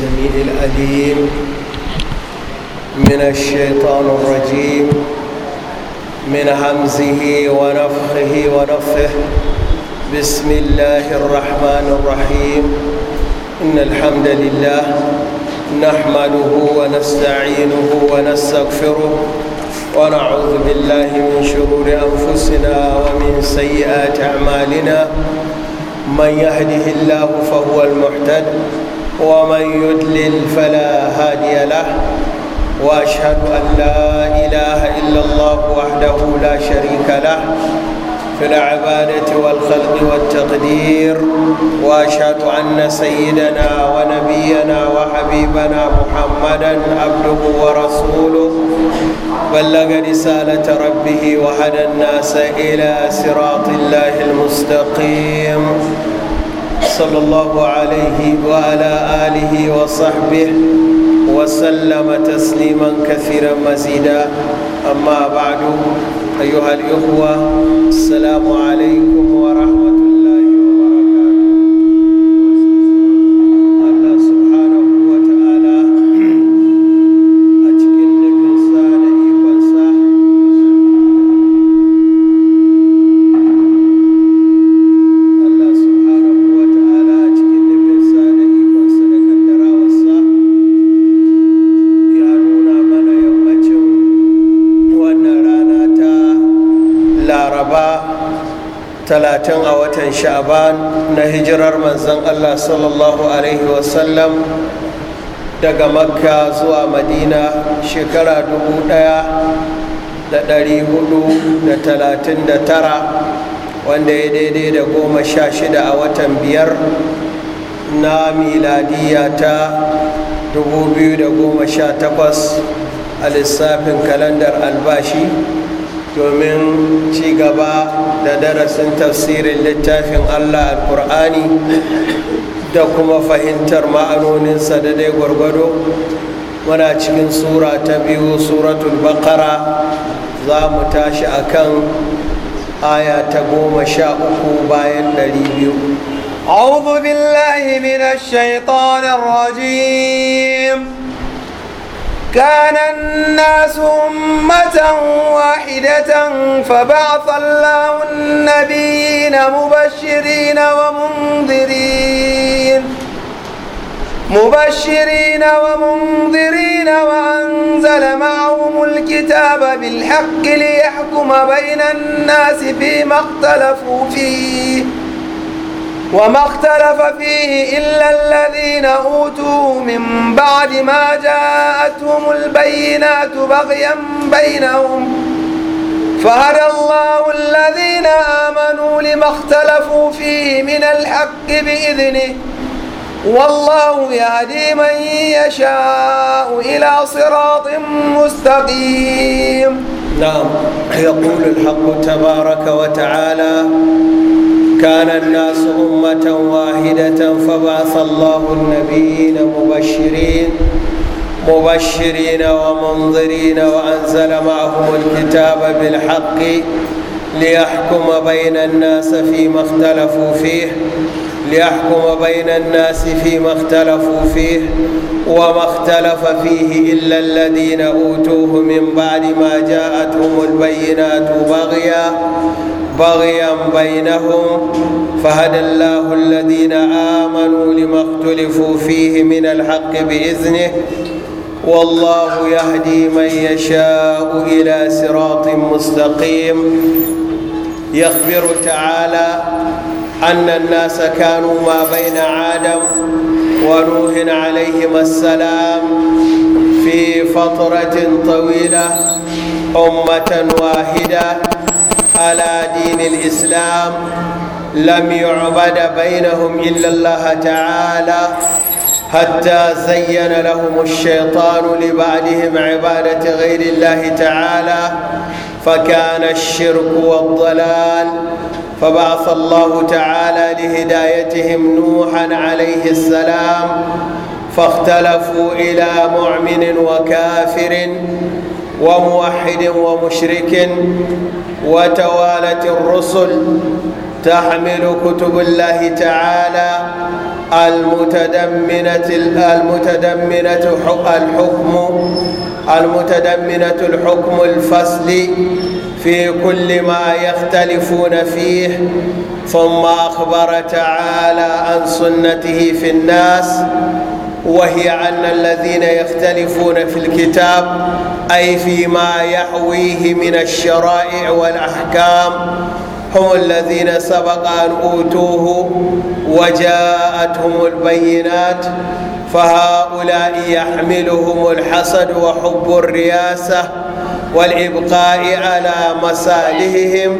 السميع الأليم من الشيطان الرجيم من همزه ونفخه ونفه بسم الله الرحمن الرحيم إن الحمد لله نحمده ونستعينه ونستغفره ونعوذ بالله من شرور أنفسنا ومن سيئات أعمالنا من يهده الله فهو المحتد ومن يدلل فلا هادي له واشهد ان لا اله الا الله وحده لا شريك له في العباده والخلق والتقدير واشهد ان سيدنا ونبينا وحبيبنا محمدا عبده ورسوله بلغ رساله ربه وهدى الناس الى صراط الله المستقيم صلى الله عليه وعلى آله وصحبه وسلم تسليما كثيرا مزيدا أما بعد أيها الإخوة السلام عليكم ورحمة الله talatin a watan sha'ban na hijirar manzon allah sallallahu alaihi wasallam daga makka zuwa madina shekara dubu daya da dari hudu da talatin da tara wanda ya daidai da goma sha shida a watan biyar na miladiya ta dubu biyu da goma sha takwas a lissafin kalandar albashi domin ci gaba da darasin tafsirin littafin allah alkur'ani da kuma fahimtar ma'anoninsa da dai gwargwado muna cikin sura ta biyu suratul bakara za mu tashi kan aya ta goma sha uku bayan ɗari biyu أعوذ بالله من الشيطان الرجيم كان الناس أمة واحدة فبعث الله النبيين مبشرين ومنذرين مبشرين ومنذرين وأنزل معهم الكتاب بالحق ليحكم بين الناس فيما اختلفوا فيه وما اختلف فيه إلا الذين أوتوا من بعد ما جاءتهم البينات بغيا بينهم فهدى الله الذين آمنوا لما اختلفوا فيه من الحق بإذنه والله يهدي من يشاء إلى صراط مستقيم نعم يقول الحق تبارك وتعالى كان الناس أمة واحدة فبعث الله النبيين مبشرين مبشرين ومنظرين وأنزل معهم الكتاب بالحق ليحكم بين الناس فيما اختلفوا فيه ليحكم بين الناس فيما اختلفوا فيه وما اختلف فيه إلا الذين أوتوه من بعد ما جاءتهم البينات بغيا بغيا بينهم فهدى الله الذين آمنوا لما اختلفوا فيه من الحق بإذنه والله يهدي من يشاء إلى صراط مستقيم يخبر تعالى أن الناس كانوا ما بين آدم ونوح عليهما السلام في فترة طويلة أمة واحدة على دين الإسلام لم يعبد بينهم إلا الله تعالى حتى زين لهم الشيطان لبعدهم عبادة غير الله تعالى فكان الشرك والضلال فبعث الله تعالى لهدايتهم نوحا عليه السلام فاختلفوا إلى مؤمن وكافر وموحد ومشرك وتوالت الرسل تحمل كتب الله تعالى المتدمنة المتدمنة الحكم المتدمنة الحكم الفصلي في كل ما يختلفون فيه ثم أخبر تعالى عن سنته في الناس وهي أن الذين يختلفون في الكتاب أي فيما يحويه من الشرائع والأحكام هم الذين سبق أن أوتوه وجاءتهم البينات فهؤلاء يحملهم الحسد وحب الرياسة والإبقاء على مصالحهم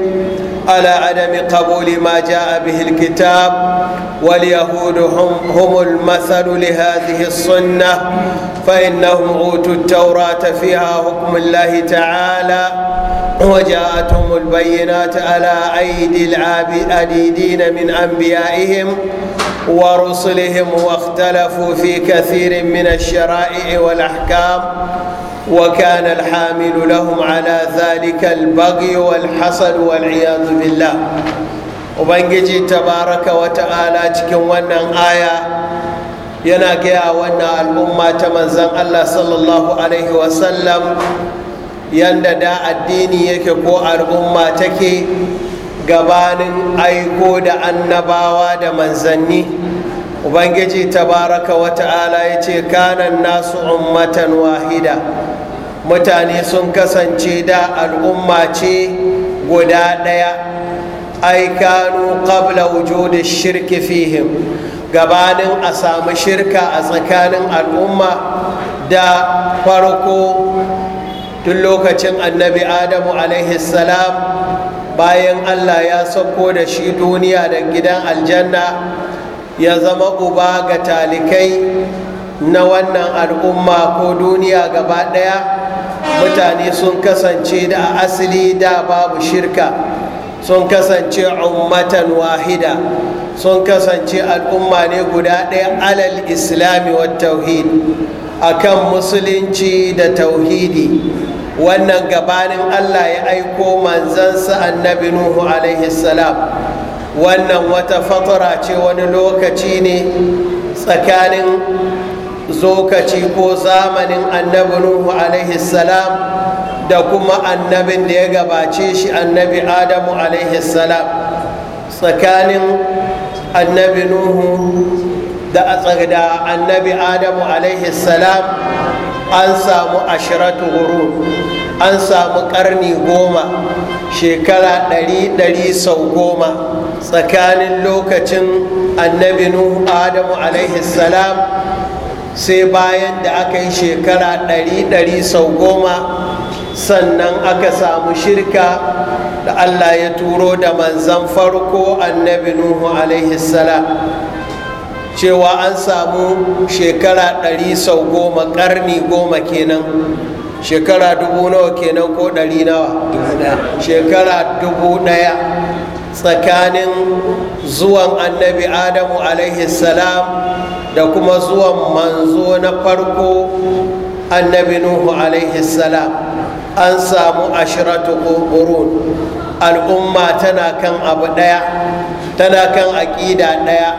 على عدم قبول ما جاء به الكتاب واليهود هم, هم المثل لهذه السنة فإنهم أوتوا التوراة فيها حكم الله تعالى وجاءتهم البينات على أيدي العابدين من أنبيائهم ورسلهم واختلفوا في كثير من الشرائع والأحكام وكان الحامل لهم على ذلك البغي والحسد والعياذ بالله ubangiji tabaraka wa ta'ala cikin wannan aya yana gaya wannan al'umma ta manzan allah sallallahu alaihi wasallam yadda da addini yake ko al'umma take gabanin aiko da annabawa da manzanni ubangiji tabaraka wa ta'ala ya ce kanan nasu ummatan wahida mutane sun kasance da al'umma ce guda ɗaya ai kanu qabla wujudi shirki fihim gabanin a samu shirka a tsakanin al'umma da farko tun lokacin annabi adamu salam bayan allah ya sauko da shi duniya da gidan aljanna ya zama uba ga talikai na wannan al'umma ko duniya gaba ɗaya mutane sun kasance da a asali da babu shirka sun kasance ummatan wahida sun kasance al'umma ne guda ɗaya alal islami wa tauhid akan musulunci da tauhidi wannan gabanin allah ya aiko manzansa annabi nuhu alaihi salam wannan wata fatara ce wani lokaci ne tsakanin zokaci ko zamanin annabi nuhu alaihi salam da kuma annabin da ya gabace shi annabi adamu alaihi salam tsakanin annabi nuhu da tsada annabi adamu alaihi salam an samu ashiratu huru an samu karni goma shekara ɗari ɗari sau goma tsakanin lokacin annabi nuhu adamu alaihi salam sai bayan da aka yi shekara ɗari ɗari sau goma sannan aka samu shirka da allah ya turo da manzan farko annabi nuhu alaihi cewa an samu shekara ɗari sau goma ƙarni goma kenan shekara dubu nawa kenan ko ɗari nawa shekara dubu ɗaya tsakanin zuwan annabi adamu alaihi salam da kuma zuwan manzo na farko annabi nuhu alaihi salam an samu ashiratu qurun al'umma tana kan abu ɗaya tana kan aƙida ɗaya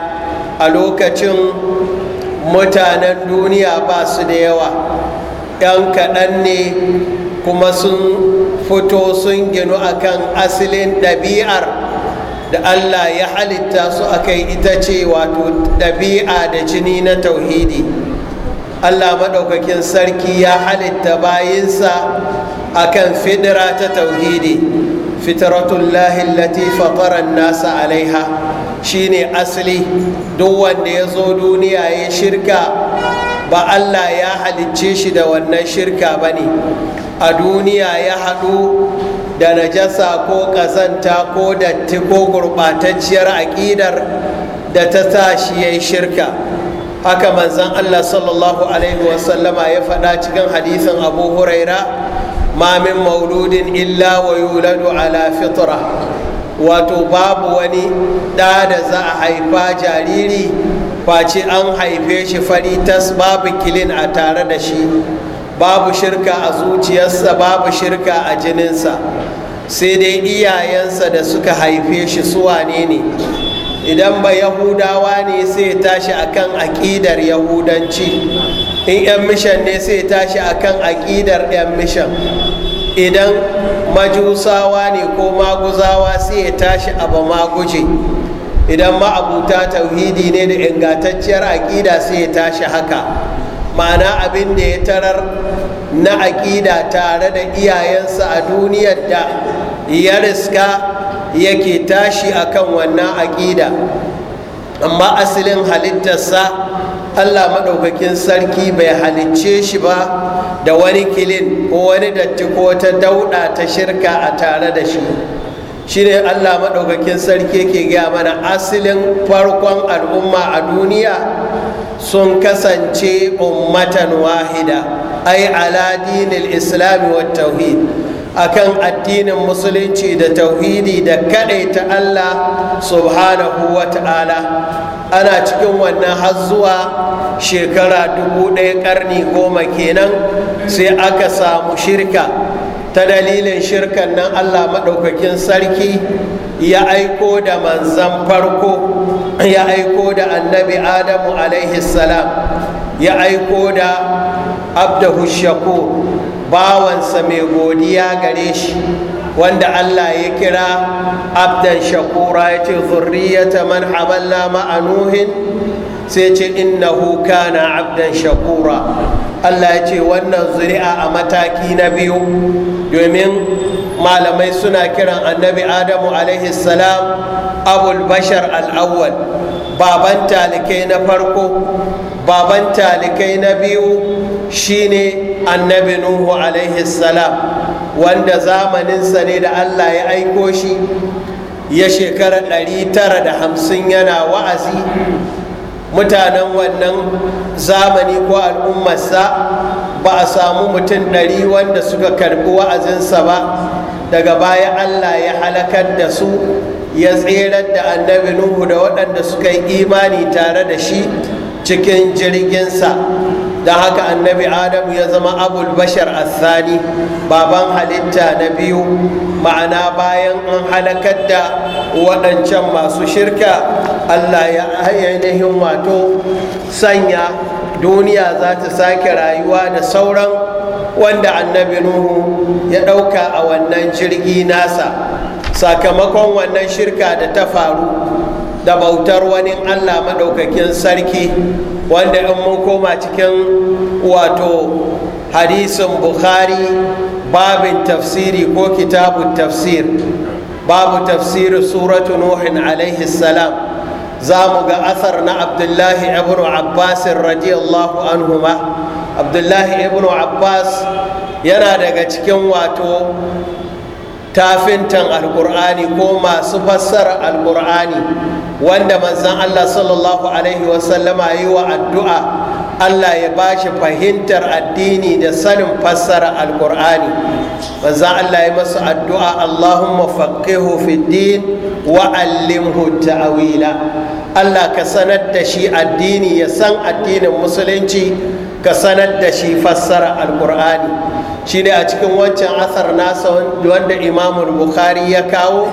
a lokacin mutanen duniya ba su da yawa 'yan kaɗan ne kuma sun fito sun ginu akan asalin ɗabi'ar da Allah ya halitta su akai ita ce wato ɗabi'a da jini na tauhidi Allah maɗaukakin sarki ya halitta bayinsa akan fidira ta tauhidi fitratullahi latifa fataran nasa alaiha shine asali duk wanda ya zo duniya ya shirka ba Allah ya halicce shi da wannan shirka ba ne a duniya ya haɗu da najasa ko kazanta ko datti ko gurɓatacciyar aƙidar da ta sa shi ya yi shirka haka manzan allah sallallahu alaihi wasallama ya faɗa cikin hadisin abu huraira ma mauludin illa wa yuladu ala fitra wato babu wani ɗa da za a haifa jariri face an haife shi fari tas babu kilin a tare da shi babu shirka a zuciyarsa babu shirka a jininsa sai dai iyayensa da suka haife shi suwane ne idan ba yahudawa ne sai ya tashi akan aƙidar yahudanci in 'yan mishan ne sai ya tashi akan aƙidar 'yan mishan idan majusawa ne ko maguzawa sai ya tashi abu maguje idan ma'abuta tauhidi ne da ingantacciyar aƙida sai ya tashi haka ma'ana abin da ya tarar na aƙida tare da iyayensa a duniyar da ya riska yake tashi a kan wannan aƙida amma asalin halittarsa allah maɗaukakin sarki bai halicce shi ba da wani kilin ko wani datti ko ta dauɗa ta shirka a tare da shi shine allah maɗaukakin sarki yake gaya mana asalin farkon al'umma a duniya sun kasance ummatan wahida ai ala dinil islami wa tauhid akan addinin musulunci da tauhidi da ta Allah subhanahu wa ta'ala ana cikin wannan har zuwa shekara dubu ɗaya ƙarni goma kenan sai aka samu shirka ta dalilin shirkan nan allah maɗaukakin sarki ya aiko da manzan farko ya aiko da annabi adamu salam ya aiko da abdahu bawansa mai godiya gare shi wanda allah ya kira abdan shakura ya ce zurriyata man hamalna ma'a nuhin sai ce huka na abdan shakura allah ya ce wannan zuri'a a mataki na biyu domin malamai suna kiran annabi adamu alaihi salam abul bashar al'awwal baban talikai na farko baban talikai na biyu shine annabi nuhu alaihi salam wanda zamaninsa ne da allah ya aiko shi ya shekara 950 yana wa'azi mutanen wannan zamani ko al'ummarsa ba a samu mutum ɗari wanda suka karɓi wa'azinsa ba daga baya allah ya halakar da su ya tserar da annabi nuhu da waɗanda suka yi imani tare da shi cikin jirginsa da haka annabi adam ya zama abul bashar asani baban halitta na biyu ma'ana bayan an halakar da waɗancan masu shirka allah ya ainihin wato sanya duniya za ta sake rayuwa da sauran wanda annabi nuhu ya ɗauka a wannan jirgi nasa sakamakon wannan shirka da ta faru da bautar wani allah maɗaukakin sarki wanda in mun koma cikin wato hadisin bukhari babin tafsiri ko kitabun tafsir babu tafsiri suratu nuhin alaihi salam za mu ga asar na abdullahi ibn abbas radiyallahu anhuma abdullahi ibn abbas yana daga cikin wato tafintan alkur'ani ko masu fassara alkur'ani wanda manzan allah sallallahu alaihi wasallama yi wa addu'a allah ya ba shi fahimtar addini da sanin fassara alkur'ani manzan allah ya masu addu'a allahumma faqihu fi din wa allimhu allah ka sanar da shi addini ya san addinin musulunci ka sanar da shi fassara alkur'ani shine a cikin wancan asar nasa wanda imamul bukhari ya kawo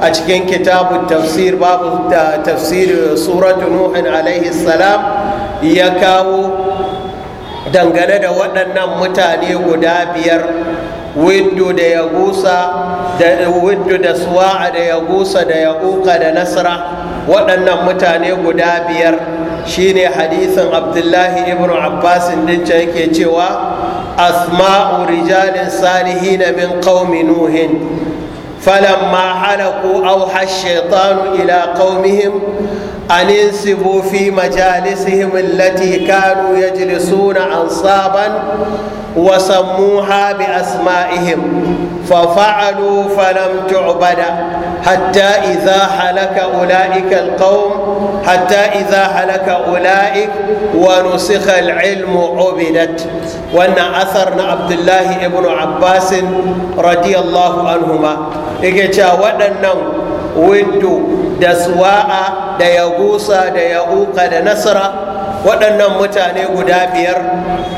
a cikin kitabu tafsir babu tafsir suratu nuhin alaihi salam ya kawo dangane da waɗannan mutane guda biyar windu da ya gusa da windu da suwa'a da ya gusa da ya uka da nasra waɗannan mutane guda biyar shine hadisin abdullahi ibn abbasin dinca yake cewa أسماء رجال صالحين من قوم نوح فلما حلقوا أوحى الشيطان إلى قومهم أن انسبوا في مجالسهم التي كانوا يجلسون أنصابا وسموها بأسمائهم ففعلوا فلم تعبد حتى إذا هلك أولئك القوم حتى إذا هلك أولئك ونسخ العلم عبدت وأن أثرنا عبد الله ابن عباس رضي الله عنهما إجتا ودنا wuddu da suwa'a da yagusa da ya'uka da nasara waɗannan mutane guda biyar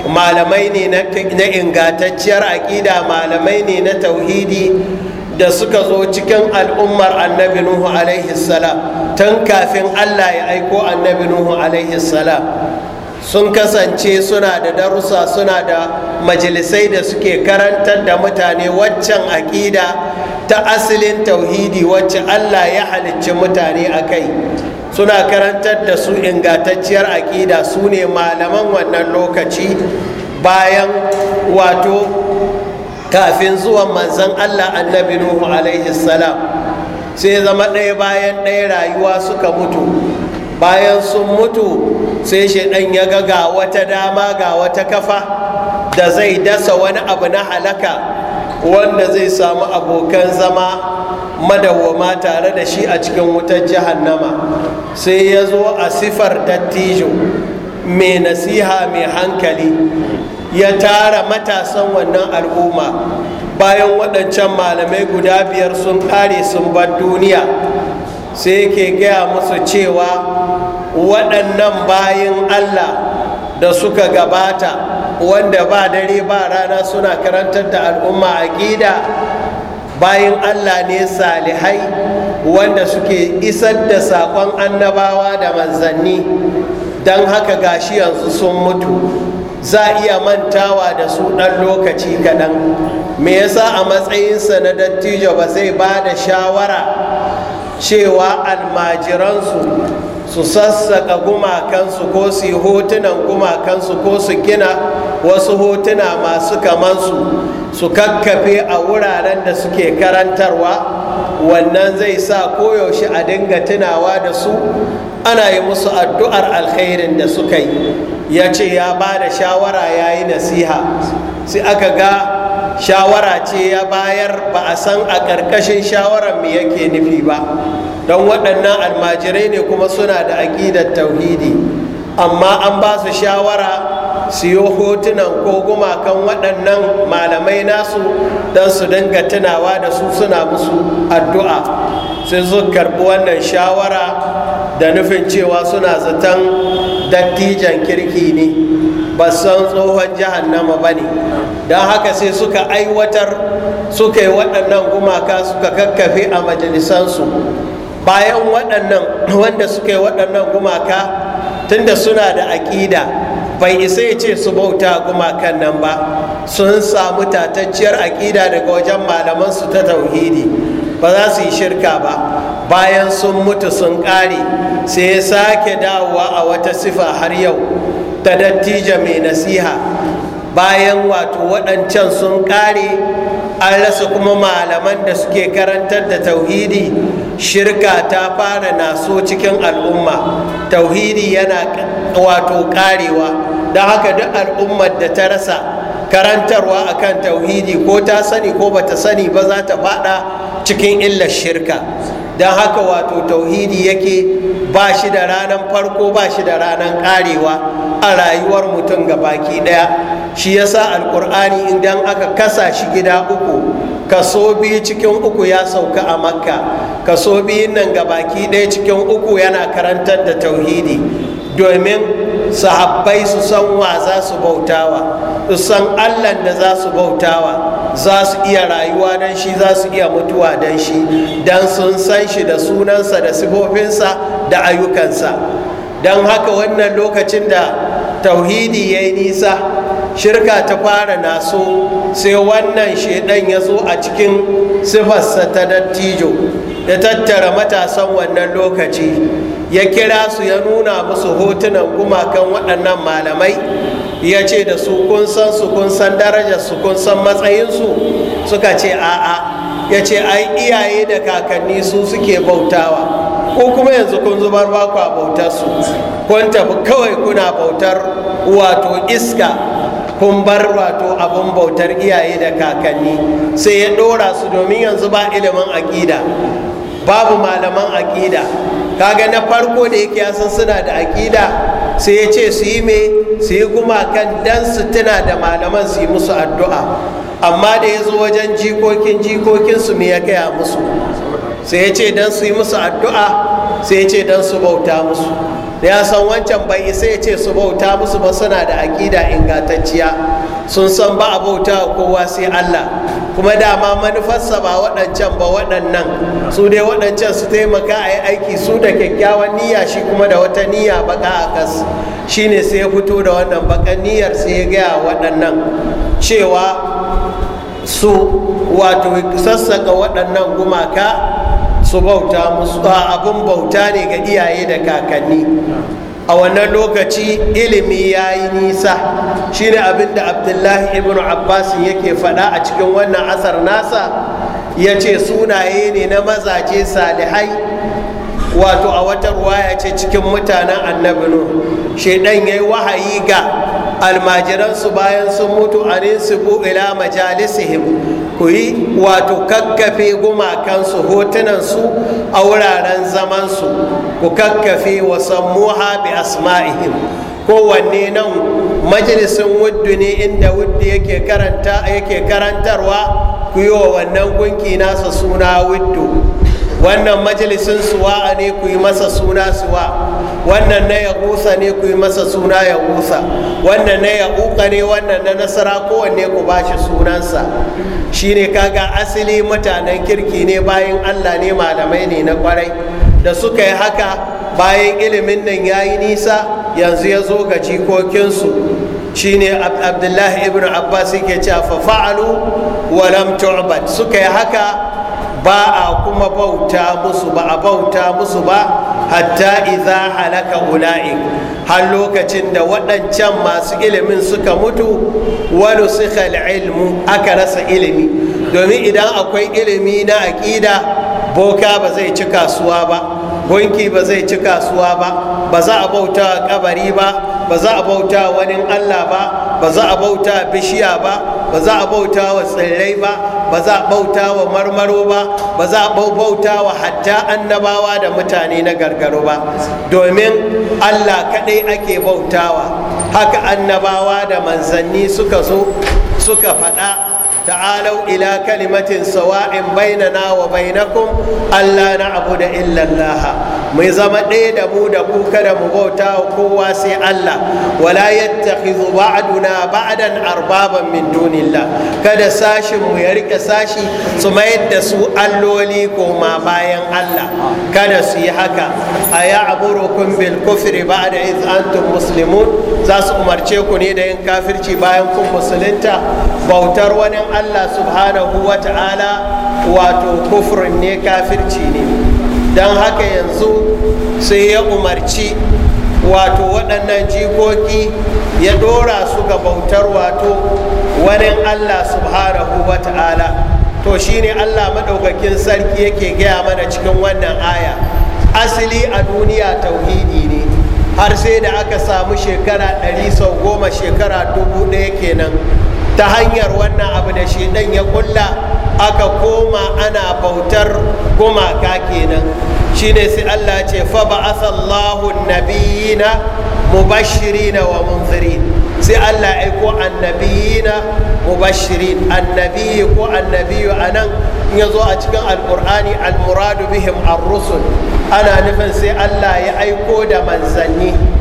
malamai ne na ingantacciyar aƙida malamai ne na tauhidi da suka zo cikin al'ummar annabi nuhu alaihi salam tun kafin allah ya aiko annabi nuhu alaihi salam sun kasance suna da darussa suna da majalisai da suke karantar da mutane waccan aƙida ta asalin tauhidi wacce allah ya halicci mutane a kai suna karantar da su ingantacciyar aƙida su ne malaman wannan lokaci bayan wato kafin zuwan manzan allah annabi nuhu alaihi salam sai zama ɗaya bayan ɗaya rayuwa suka mutu bayan sun mutu sai shaidan ya ga ga wata dama ga wata kafa da zai dasa wani abu na halaka wanda zai samu abokan zama madawwama tare da shi a cikin wutar jahannama sai ya zo a sifar dattijo mai nasiha mai hankali ya tara matasan wannan al'umma bayan waɗancan malamai guda biyar sun ƙare sun bar duniya sai yake gaya musu cewa waɗannan bayan allah da suka gabata wanda ba dare ba rana suna karantar da al'umma a gida. bayan allah ne salihai wanda suke isar da sakon annabawa da manzanni don haka gashi yanzu sun mutu za a iya mantawa da su ɗan lokaci kaɗan me yasa a matsayinsa na dattijo ba zai ba da shawara cewa almajiransu su sassaka gumakansu ko su yi hotunan gumakansu ko su gina wasu hotuna masu kamansu su kakkafe a wuraren da suke karantarwa wannan zai sa koyaushe a dinga tunawa da su ana yi musu addu'ar alkhairin da suka yi ya ce ya ba da shawara ya yi nasiha sai aka ga shawara ce ya bayar ba a san a ƙarƙashin shawarar me yake nufi ba don waɗannan almajirai ne kuma suna da aƙidar tauhidi amma an ba su shawara siyo hotunan ko gumakan waɗannan malamai nasu don su dinga tunawa da su suna musu addu'a sai su karɓi wannan shawara da nufin cewa suna zaton dattijan kirki ne ba san tsohon jahannama ba ne don haka sai suka aiwatar suka yi waɗannan gumaka suka kakkafe a majalisansu bayan waɗannan wanda suka yi waɗannan gumaka tunda suna da aƙida bai isa ya ce su bauta gumakan nan ba sun samu tatacciyar aƙida daga wajen malamansu ta tauhidi ba za su yi shirka ba bayan sun mutu sun ƙare sai ya sake dawowa a wata sifa har yau ta dattijo mai nasiha bayan wato waɗancan sun ƙare an rasa kuma malaman da suke karantar da tauhidi shirka ta fara naso cikin al'umma tauhidi yana wato ƙarewa don haka duk al'ummar da ta rasa karantarwa a kan tauhidi ko ta sani ko bata sani ba za ta faɗa cikin illar shirka don haka wato tauhidi yake ba shi da ranan farko ba shi da ranar karewa a rayuwar mutum ga baki ɗaya. shi yasa alkur'ani idan aka kasa shi gida uku kaso biyu cikin uku ya sauka a makka kaso biyun nan ga baki ɗaya cikin uku yana karantar da tauhidi domin sahabbai su san wa za su bautawa su san allah da za su bautawa za su iya rayuwa don shi za su iya mutuwa don shi don sun san shi da sunansa da sifofinsa da ayyukansa don haka wannan lokacin da tauhidi ya yi nisa shirka ta fara naso sai wannan shaidan ya zo a cikin sifarsa ta dattijo da tattara matasan wannan lokaci ya kira su ya nuna musu hotunan gumakan waɗannan malamai ya ce da su kun san su kun san darajarsu kun san matsayinsu suka ce a'a ya ce ai iyaye da kakanni su suke bautawa ko kuma yanzu kun zubar ba a bautar su kun tafi kawai kuna bautar wato iska kun bar wato abin bautar iyaye da kakanni sai ya ɗora su domin yanzu ba ilimin aƙida babu malaman aƙida kaga na farko da yake yasan suna da aƙida sai ya ce su yi me su yi kan dan su tuna da malaman su yi musu addu'a amma da ya zo wajen jikokin jikokinsu me ya kaya musu sai ya ce dan su yi musu addu'a sai ya ce dan su bauta musu da ya san wancan bai isa ya ce su bauta musu ba suna da aƙida ingantacciya sun san ba a bauta kowa sai Allah kuma dama manufarsa ba waɗancan ba waɗannan su dai waɗancan su taimaka a yi aiki su da kyakkyawan niyya shi kuma da wata niyya baka a kas shi ne sai ya fito da wannan bakan niyyar sai ya gaya waɗannan cewa su wato sassaka waɗannan gumaka su bauta musu abin bauta ne ga iyaye da kakanni a wannan lokaci ilimi ya yi nisa Shi ne abin da abdullahi ibn abbas yake faɗa a cikin wannan asar nasa ya ce sunaye ne na mazaje salihai wato a wata ya ce cikin mutanen annabi shaidan ya yi wahayi ga almajiransu bayan sun mutu a ku ila majalisihim ku yi wato kakkafe gumakansu hotunansu a wuraren zamansu ku kakkafe wa sammuha bi asma'ihim kowanne nan majalisin wuddu ne inda wuddu yake karantarwa ku yi wa wannan gunki nasa suna wuddu wannan majalisin suwa ne ku yi masa suna suwa wannan na ya gusa ne ku yi masa suna ya gusa wannan na ya uka ne wannan na nasara kowanne ku ba shi sunansa ne kaga asali mutanen kirki ne bayan allah ne malamai ne na kwarai da suka yi haka bayan ilimin nan ya yi nisa yanzu ya zo ga jikokinsu ne abdullahi ibn abbas yake cewa fa'alu wa lam tu'bad suka yi haka ba a kuma bauta musu ba a bauta musu ba hatta iza halaka ula'ik har lokacin da waɗancan masu ilimin suka mutu wani suka ilmu aka rasa ilimi domin idan akwai ilimi na aƙida boka ba zai ci kasuwa ba gunki ba zai ci kasuwa ba ba za a bauta kabari ba ba za a bauta wani allah ba ba za a bauta bishiya ba ba za a bauta wa tsirrai ba ba za a bauta wa marmaro ba ba za a bauta wa hatta annabawa da mutane na gargaro ba domin allah kaɗai ake bautawa haka annabawa da manzanni suka zo suka faɗa ta'alau ila kalimatin sawa'in bainana wa bainakum Allah na abu da illallah mai zama ɗaya da mu da ku kada mu bauta wa kowa sai Allah wala yattakhidhu ba'duna ba'dan arbaban min dunillah kada sashin mu ya rike sashi su mayar da su alloli ko bayan Allah kada su yi haka aya aburukum bil kufri ba'da iz antum muslimun za umarce ku ne da yin kafirci bayan kun musulunta bautar wani allah subhanahu wa ta'ala wato kufurin ne kafirci ne don haka yanzu sai ya umarci wato waɗannan jikoki ya ɗora su ga bautar wato wani allah subhanahu wa ta'ala to shine allah maɗaukakin sarki yake gaya mana cikin wannan aya asali a duniya tauhidi ne har sai da aka samu shekara ɗari sau goma shekara dubu ɗaya kenan ta hanyar wannan abu da shedan ya kulla aka koma ana bautar gumaka kenan ne sai Allah ce fa ba'athallahu nabiyina mubashirina wa munzirin sai Allah ya ko annabiyina mubashirin annabi ko annabiyu anan nan ya zo a cikin alkur'ani almuradu bihim ar-rusul ana nufin sai Allah ya aiko da manzanni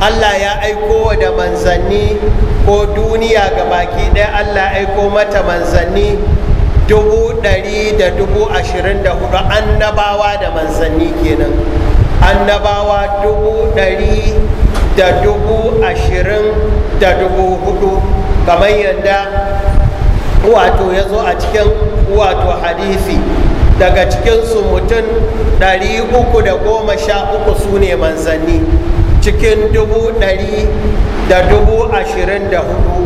allah ya aiko da manzanni ko duniya ga baki ɗaya allah ya aiko mata manzanni dubu ɗari da dubu ashirin da hudu annabawa da manzanni kenan annabawa dubu ɗari da dubu ashirin da dubu hudu kamar yadda wato ya zo a cikin wato hadisi daga cikinsu mutum ɗari uku da goma sha uku su ne manzanni cikin dubu ɗari da dubu ashirin da hudu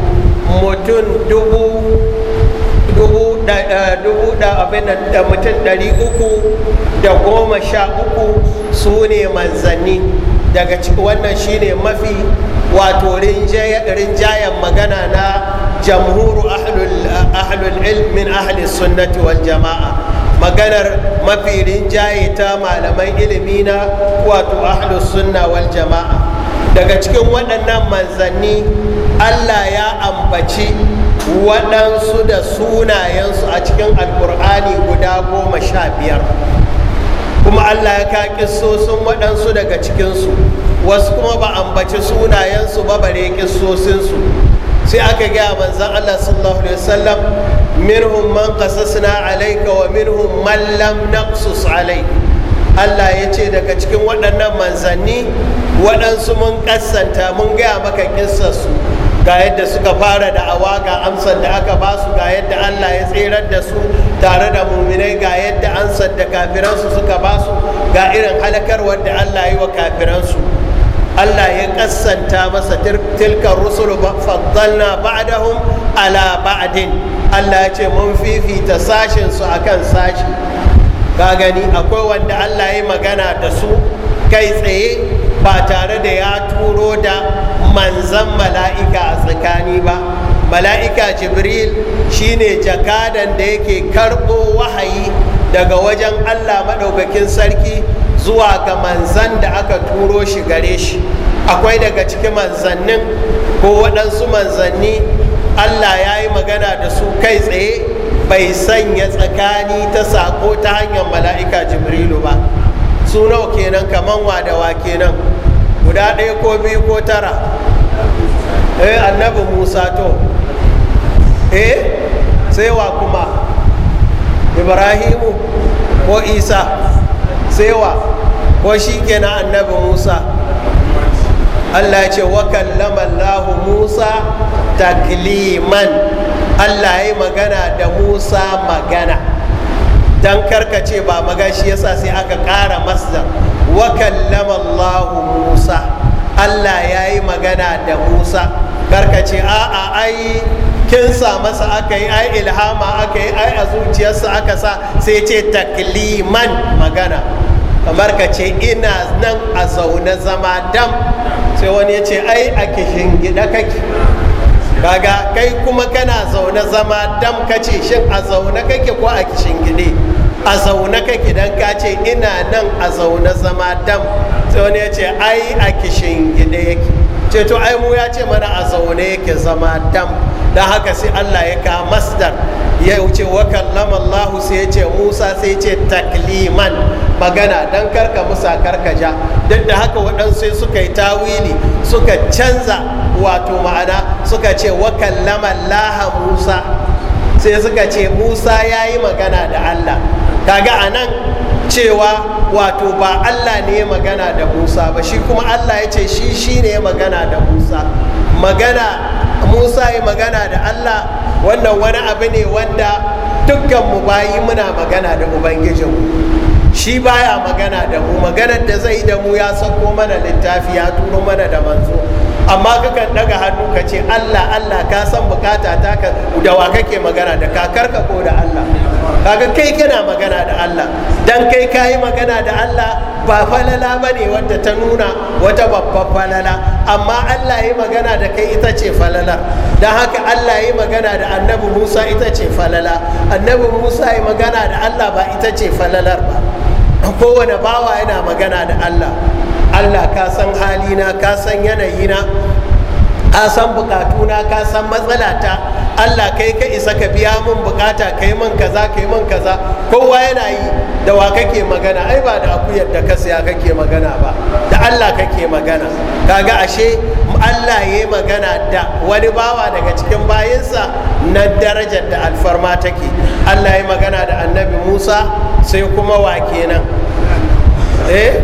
mutum dubu eh, eh, mutum ɗari uku da goma sha uku su ne manzanni daga wannan shine mafi wato rinjayen magana na jamhuru ahlul ilmin ahli sunnati wal jama'a maganar mafi rinjaye ta malaman ilimi na wato ahlus sunna wal jama'a daga cikin waɗannan manzanni allah ya ambaci waɗansu da sunayensu a cikin alkur'ani guda goma sha biyar kuma allah ya ka kissosin waɗansu daga cikinsu wasu kuma ba ambaci sunayensu ba bare ƙisosinsu sai aka gaya manzan allah sallallahu alaihi wasallam minhum man qasasna alayka wa minhum man lam naqsus alayk Allah ya ce daga cikin waɗannan manzanni waɗansu mun ƙasanta mun gaya maka ƙissarsu ga yadda suka fara da'awa ga amsar da aka ba su ga yadda Allah ya tserar da su tare da muminai ga yadda ansar da kafiransu suka ba su ga irin halakarwar da Allah yi wa kafiransu Allah ya ƙasanta masa tilkar ba faddalna ba'dahum ala ba'din Allah ya ce mun fifita sashen su akan sashi ka gani akwai wanda Allah ya magana da su kai tsaye ba tare da ya turo da manzan mala'ika a tsakani ba mala'ika jibril shine jakadan da yake karɓo wahayi daga wajen Allah maɗaukakin sarki zuwa ga manzan da aka turo shi gare shi akwai daga cikin manzannin ko waɗansu manzanni allah ya yi magana da su kai tsaye bai sanya tsakani ta sako ta hanyar mala'ika jibrilu ba su nawa kenan kaman wadawa kenan guda ɗaya ko biyu ko tara eh annabi musa to eh sai wa kuma ibrahimu ko isa sai wa ko shi kenan annabi musa allah ya ce wa kallama Allah musa takliman Allah ya yi magana da Musa magana don karkace ba magashi yasa sai aka ƙara masdar wa kallama Musa Allah ya yi magana da Musa karkace a'a ai sa masa aka yi ai ilhama aka yi ai a zuciyarsa aka sa sai ce takliman magana kamar ka ce ina nan a zaune zama dam sai wani ya ce ai a kishin gida kake kaga kai kuma kana zaune zama dam kace shin a zaune kake ko a gide? a zaune kake dan ka ce ina nan a zaune zama dam sai wani ya ce ai a gide yake ce to ai mu ya ce mana a zaune yake zama dam don haka sai allah ya ka masdar ya wuce wa kallama Allah sai ya ce Musa sai ya ce takliman magana dan karka musa karka ja duk da haka waɗansu suka yi tawili suka canza wato ma'ana suka ce wa kallama Allah Musa sai suka ce Musa ya yi magana da Allah kaga anan cewa wato ba Allah ne magana da Musa ba shi kuma Allah ya ce shi shi ne magana da Musa magana Musa ya magana da Allah wannan wani abu ne wanda dukkan mu bayi muna magana da ubangijin shi baya magana da mu maganar da zai da mu ya sako mana littafi ya turo mana da manzo amma kakan daga hannu ka ce Allah Allah ka san bukata ta ka da wa kake magana da kakarka ko da Allah kaga kai kana magana da Allah dan kai kayi magana da Allah ba falala ba ne wanda ta nuna wata babbar falala amma Allah yi magana da kai ita ce falala don haka Allah yi magana da annabi Musa ita ce falala annabi Musa yi magana da Allah ba ita ce falalar ba kowane bawa yana magana da Allah Allah ka san halina ka san yanayina ka san bukatuna ka san matsalata Allah kai ka isa ka biya min bukata kai min kaza kai min kaza kowa yana yi da wa kake magana ai ba da akuyar da ka saya kake magana ba da Allah kake magana kaga ashe Allah ya yi magana da wani bawa daga cikin bayinsa na darajar da alfarma take Allah ya yi magana da annabi Musa sai kuma wa kenan eh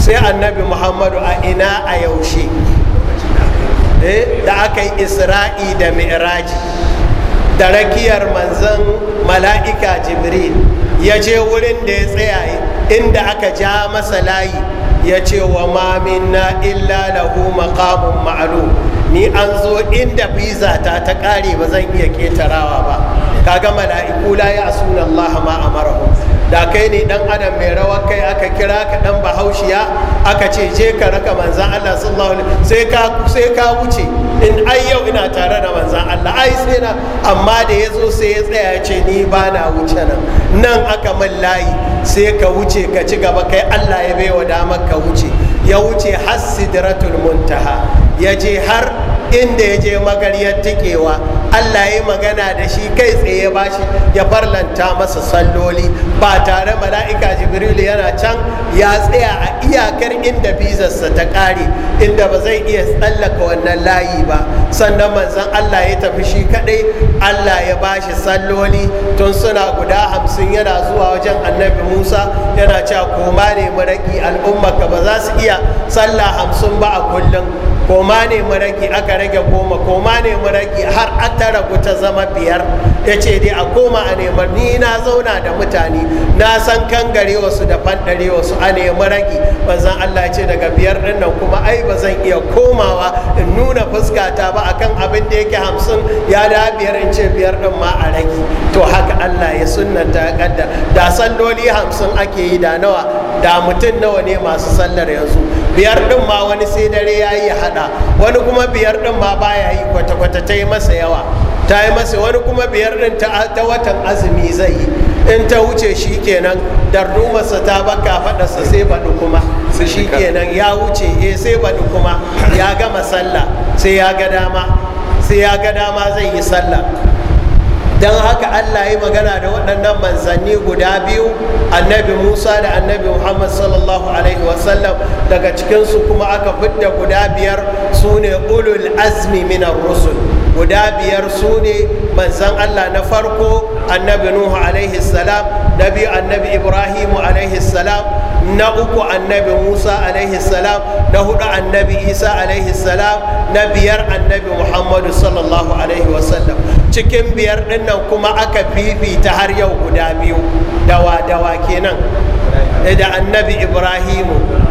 sai annabi Muhammadu a ina a yaushe eh da aka yi isra'i da mi'raji da rakiyar manzan mala'ika jibril ya je wurin da ya tsaya inda aka ja masa layi ya ce wa maminna illa lahu maqamun ma'lum ni an zo inda visa ta ta kare ba zan iya ketarawa ba kaga mala'iku la ya sunan Allah ma amarahum da kai ne dan adam mai rawar kai aka kira ka dan bahaushiya aka ce je ka raka manzan Allah sallallahu alaihi sai ka sai ka wuce in ai yau ina tare da manzan Allah ai sai na amma da yazo sai ya tsaya ya ce ni ba na wuce nan nan aka min layi sai ka wuce ka ci gaba kai Allah ya baiwa damar ka wuce ya wuce har sidratul muntaha ya je har inda ya je magariyar tikewa Allah ya magana da shi kai tsaye bashi ya farlanta masa salloli ba tare mala'ika jibril yana can ya tsaya a iyakar inda bizarsa ta kare inda ba zai iya tsallaka wannan layi ba sannan manzon Allah ya tafi shi kadai Allah ya bashi salloli tun suna guda hamsin yana zuwa wajen annabi Musa yana cewa koma ne maraki al'umma ka ba za su iya sallah hamsin ba a kullum koma ne maraki aka rage goma koma ne maraki har ta ragu ta zama biyar ya ce dai a koma a nemar ni na zauna da mutane na san kan gare wasu da fandare wasu a nema ragi bazan allah ce daga biyar ɗinnan kuma ai ba zan iya komawa in nuna fuskata ba akan abin da yake hamsin ya da biyar in ce biyar ɗin ma a ragi to haka allah ya sunnanta kaddar da salloli hamsin ake yi da nawa da mutum nawa ne masu sallar yanzu biyar din ma wani sai dare ya yi hada wani kuma biyar din ma baya yi kwata-kwata ta yi masa yawa ta yi masa wani kuma biyar din ta watan azumi zai yi in ta wuce shi kenan dardumarsa ta baka faɗarsa sai baɗi kuma shi kenan ya wuce eh sai baɗi kuma ya gama sallah sai ya ga dama sai ya ga dama zai yi sallah don haka allah ya magana da waɗannan manzanni guda biyu annabi musa da annabi muhammad sallallahu alaihi wasallam daga cikinsu kuma aka fidda guda biyar su ne ulul azmi minar rusul guda biyar su ne manzan allah na farko annabi nuhu alaihi salam na biyu annabi ibrahimu alaihi salam na uku annabi musa alaihi salam na hudu annabi isa alaihi salam na biyar annabi muhammadu sallallahu alaihi wasallam cikin biyar ɗinnan kuma aka fifita har yau guda biyu dawa dawa kenan da annabi ibrahimu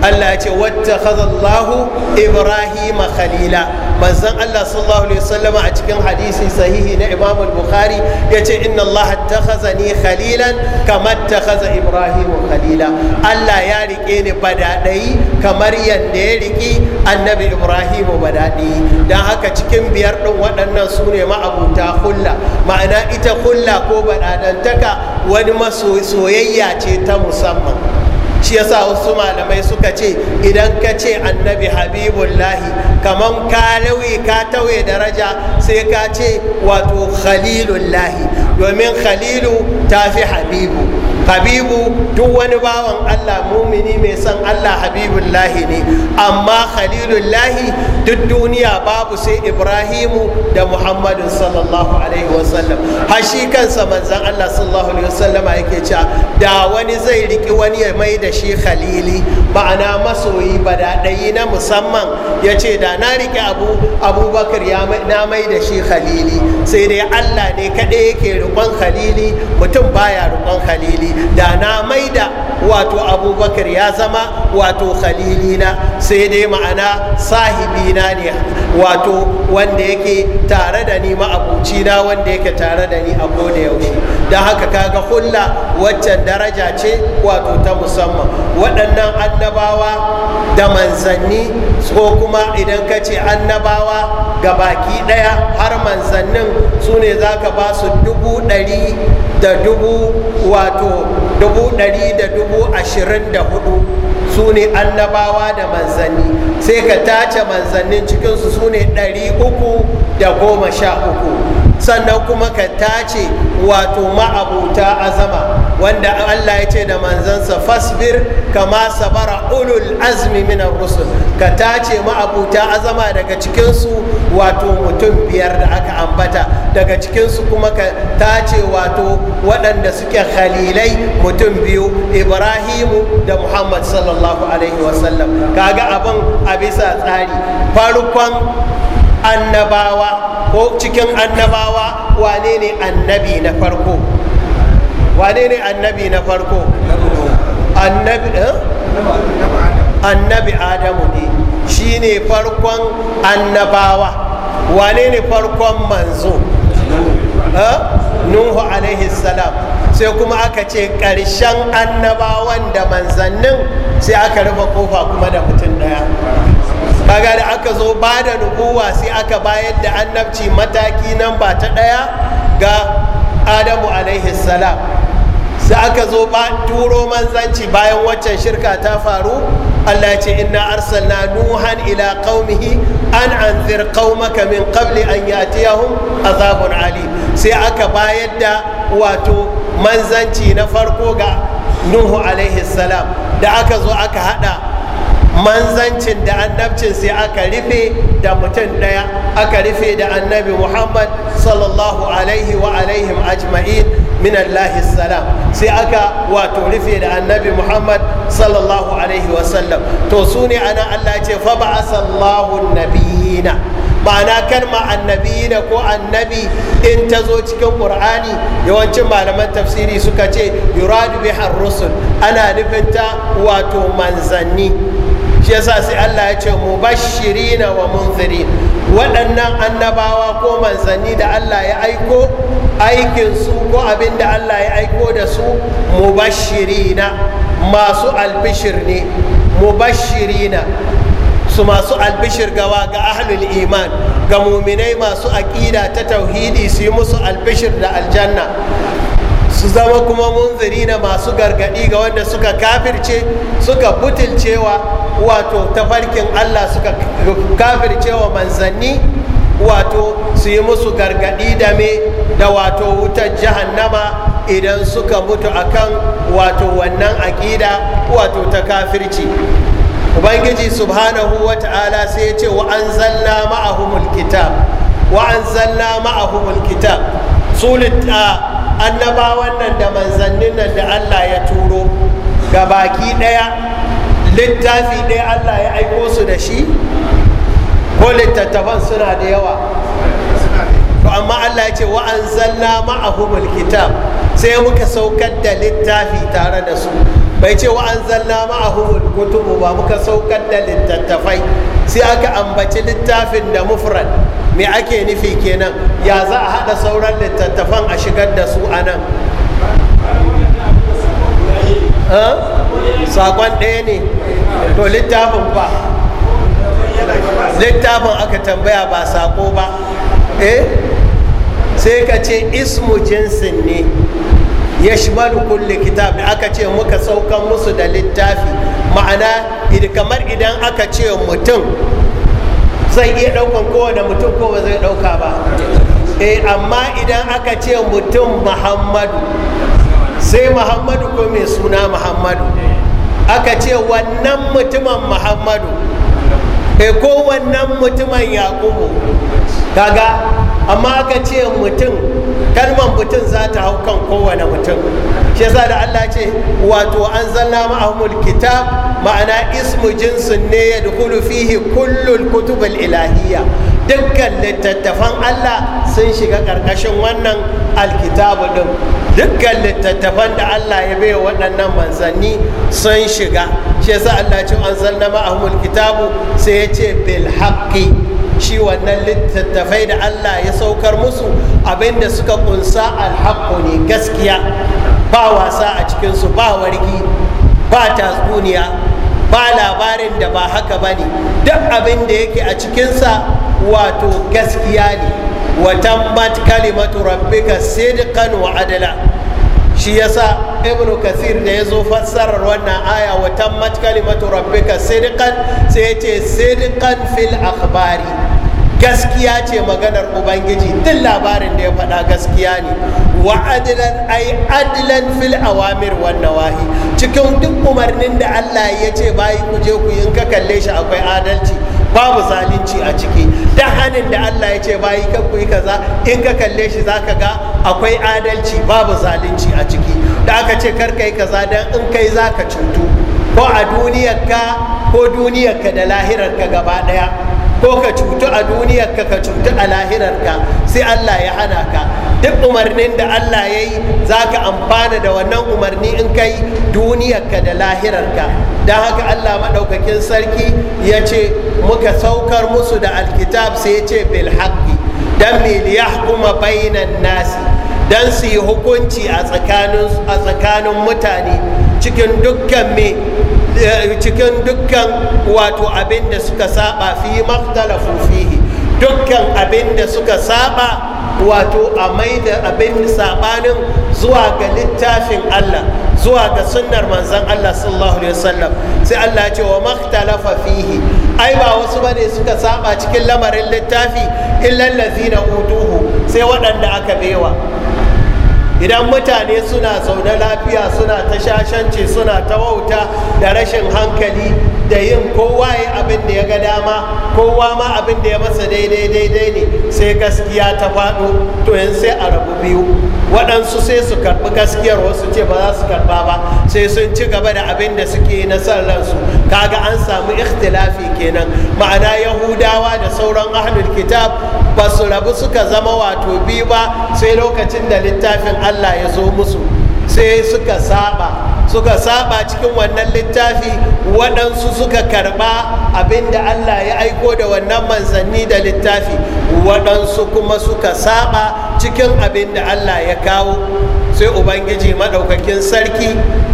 Allah ya ce wattakhadallahu ibrahim khalila manzon Allah sallallahu alaihi wasallam a cikin hadisi sahihi na Imam bukhari ya ce inna Allah ni khalilan ta takhaza Ibrahim khalila Allah ya rike ni badadai kamar yadda ya riƙi annabi Ibrahim badadai dan haka cikin biyar ɗin waɗannan su ne ma'abuta hulla ma'ana ita hulla ko baɗaɗantaka wani masoyayya ce ta musamman shi yasa wasu malamai suka ce idan ka ce annabi habibullahi kamar ka ka tauye daraja sai ka ce wato khalilullahi domin khalilu tafi habibu habibu duk wani bawan allah mumini mai son allah habibullahi ne amma khalilullahi duk duniya babu sai ibrahimu da Muhammadu sallallahu alaihi wasallam har shi kansa manzan allah sallallahu alaihi wasallama yake cewa da wani zai riki wani ya mai da shi khalili ma'ana masoyi ba da ɗayi na musamman ya ce da na riki abu abubakar na mai da shi khalili sai dai allah ne kaɗai yake rikon khalili mutum baya rikon khalili da na mai da wato abubakar ya zama wato khalilina sai dai ma'ana sahibina ne wato wanda yake tare da ni ma'abucina wanda yake tare da ni a koda yaushe Da haka kaga hulla waccan daraja ce wato ta musamman waɗannan annabawa da manzanni ko kuma idan ka ce annabawa ga baki ɗaya har manzannin su ne za ka ba su dubu ɗari da dubu wato dubu ɗari da dubu ashirin da hudu su ne annabawa da manzanni sai ka tace manzannin cikinsu su ne ɗari uku da goma sha uku sannan kuma ka tace wato ma'abuta azama wanda Allah ya ce da manzansa fasbir kama sabara ulul azmi minar rusul ka tace ma'abuta azama daga cikinsu wato mutum biyar da aka ambata daga cikinsu kuma ka tace wato waɗanda suke khalilai mutum biyu ibrahimu da muhammad sallallahu alaihi wasallam kaga abin a bisa tsari farkon annabawa ko cikin annabawa wane ne annabi na farko wane ne annabi na farko annabi eh? annabi adamu ne shi ne farkon annabawa wane ne farkon manzo eh? nuhu alaihi salam sai kuma aka ce ƙarshen annabawan da manzannin sai aka rufe kofa kuma da mutum daya kaga da aka zo ba da nubuwa sai aka bayar da annabci mataki nan ba ta ɗaya ga adamu alaihi salam sai aka zo ba turo manzanci bayan waccan shirka ta faru allah ce inna arsalna nuhan ila qaumihi an anzir qaumaka min qabli an yatiyahum azabun ali sai aka bayar da wato manzanci na farko ga nuhu alaihi salam da aka zo aka hada manzancin da annabcin sai aka rufe da mutum ɗaya aka rufe da annabi muhammad sallallahu alaihi wa alaihim ajma'in min allahi salam sai aka wato rufe da annabi muhammad sallallahu alaihi wasallam to su ne ana allah ce fa ba'asallahu nabiyina ma'ana kalma annabi ko annabi in ta zo cikin qur'ani yawancin malaman tafsiri suka ce yuradu bihar rusul ana nufin ta wato manzanni shi yasa sai Allah ya ce bashirina wa munziri waɗannan annabawa ko manzanni da Allah ya aiko aikinsu ko abin da Allah ya aiko da su mubashirina masu albishir ne su masu albishir gawa ga ahlul iman ga muminai masu aƙida ta tauhidi su yi musu albishir da aljanna su zama kuma munziri na masu gargaɗi ga wanda suka kafirce suka butulcewa wato tafarkin Allah suka kafircewa manzanni wato su yi musu gargaɗi da me da wato wutar jahannama idan suka mutu akan wato wannan aƙida wato ta kafirci ubangiji subhanahu wa ta'ala sai ya ce wa an zalla ma'ahumul kitab wa an zalla ma'ahumul kitab su ah, annabawan nan da manzannin nan da allah ya turo ga baki ɗaya littafi ɗaya allah ya aiko su da shi ko littattafan suna da yawa to amma allah ya ce wa an ma'ahumul kitab sai muka saukar da littafi tare da su bai ce wa an ma'ahumul kutubu ba muka saukar da littattafai sai aka ambaci littafin da mufrad me ake nufi kenan ya za a haɗa sauran littattafan a shigar da su a nan sakon ɗaya ne to littafin ba littafin aka tambaya ba sako ba eh sai ka ce ismu jinsin ne ya shimalu kulle kitab aka ce muka saukan musu da littafi ma'ana kamar idan aka ce mutum zai iya ɗaukan kowane mutum ko ba zai ɗauka ba eh amma idan aka ce mutum muhammadu sai muhammadu ko mai suna muhammadu aka ce wannan mutumin muhammadu e ko wannan mutumin yakubu kaga amma aka ce mutum kalman mutum za ta hau kan kowane mutum shi yasa da Allah ce wato an zanna ma'ahumul kitab ma'ana ismu jinsin ne ya dukulu fihi kullul kutubul ilahiyya dukkan littattafan Allah sun shiga karkashin wannan alkitabu ɗin dukkan littattafan da Allah ya bai waɗannan manzanni sun shiga shi yasa Allah ce an zanna ma'ahumul kitabu sai ya ce bil haqqi shi wannan littattafai da Allah ya saukar musu abinda suka kunsa alhaƙo ne gaskiya ba wasa a cikinsu ba wargi ba tatsuniya ba labarin da ba haka ba ne duk abin da yake a cikinsa wato gaskiya ne watammat kalimatu rabbika sidqan wa adala shi yasa ibnu kasir da ya zo fassarar wannan aya watammat kalimatu rabbika sidqan sai ya ce sidqan fil akhbari gaskiya ce maganar ubangiji duk labarin da ya faɗa gaskiya ne wa adilan ai adilan fil awamir wan nawahi cikin duk umarnin da Allah ya ce bayi ku je ku ka kalle shi akwai adalci babu zalunci a ciki da hanin da Allah ya ce bayi ka ku yi kaza in ka kalle shi zaka ga akwai adalci babu zalunci a ciki da aka ce kar kai kaza dan in kai zaka cutu ko a duniyarka ko duniyarka da lahirarka gaba daya ko ka cutu a duniyarka ka cutu a lahirarka sai Allah ya hana ka duk umarnin da Allah ya yi za ka amfana da wannan umarni in kai duniyarka da lahirarka don haka Allah maɗaukakin sarki ya ce muka saukar musu da alkitab sai ya ce bilhaƙi don miliya kuma bainan nasi don su yi hukunci a tsakanin mutane cikin dukkan me cikin dukkan wato abin da suka saba fi maktalafu dukkan abin da suka saba wato a mai da abin sabanin zuwa ga littafin Allah zuwa ga sunnar manzan Allah sallallahu alaihi wasallam sai Allah ce wa maktala fihi ai ba wasu ne suka saba cikin lamarin littafi lallafi na utuhu sai waɗanda aka bewa idan mutane suna zaune lafiya suna ta shashanci suna ta wauta da rashin hankali da yin kowa ya abin da ya ga dama kowa ma abin da ya masa daidai daidai ne sai gaskiya ta faɗo to yin sai a rabu biyu waɗansu sai su karɓi gaskiyar wasu ce ba za su karɓa ba sai sun ci gaba da abin da suke na son ransu kaga an samu ikhtilafi kenan ma'ana yahudawa da sauran ahlul kitab ba su rabu suka zama wato biyu ba sai lokacin da littafin allah ya zo musu sai suka saba suka saba cikin wannan littafi waɗansu suka karɓa abinda Allah ya aiko da wannan manzanni da littafi waɗansu kuma suka saba cikin abinda Allah ya kawo sai ubangiji maɗaukakin sarki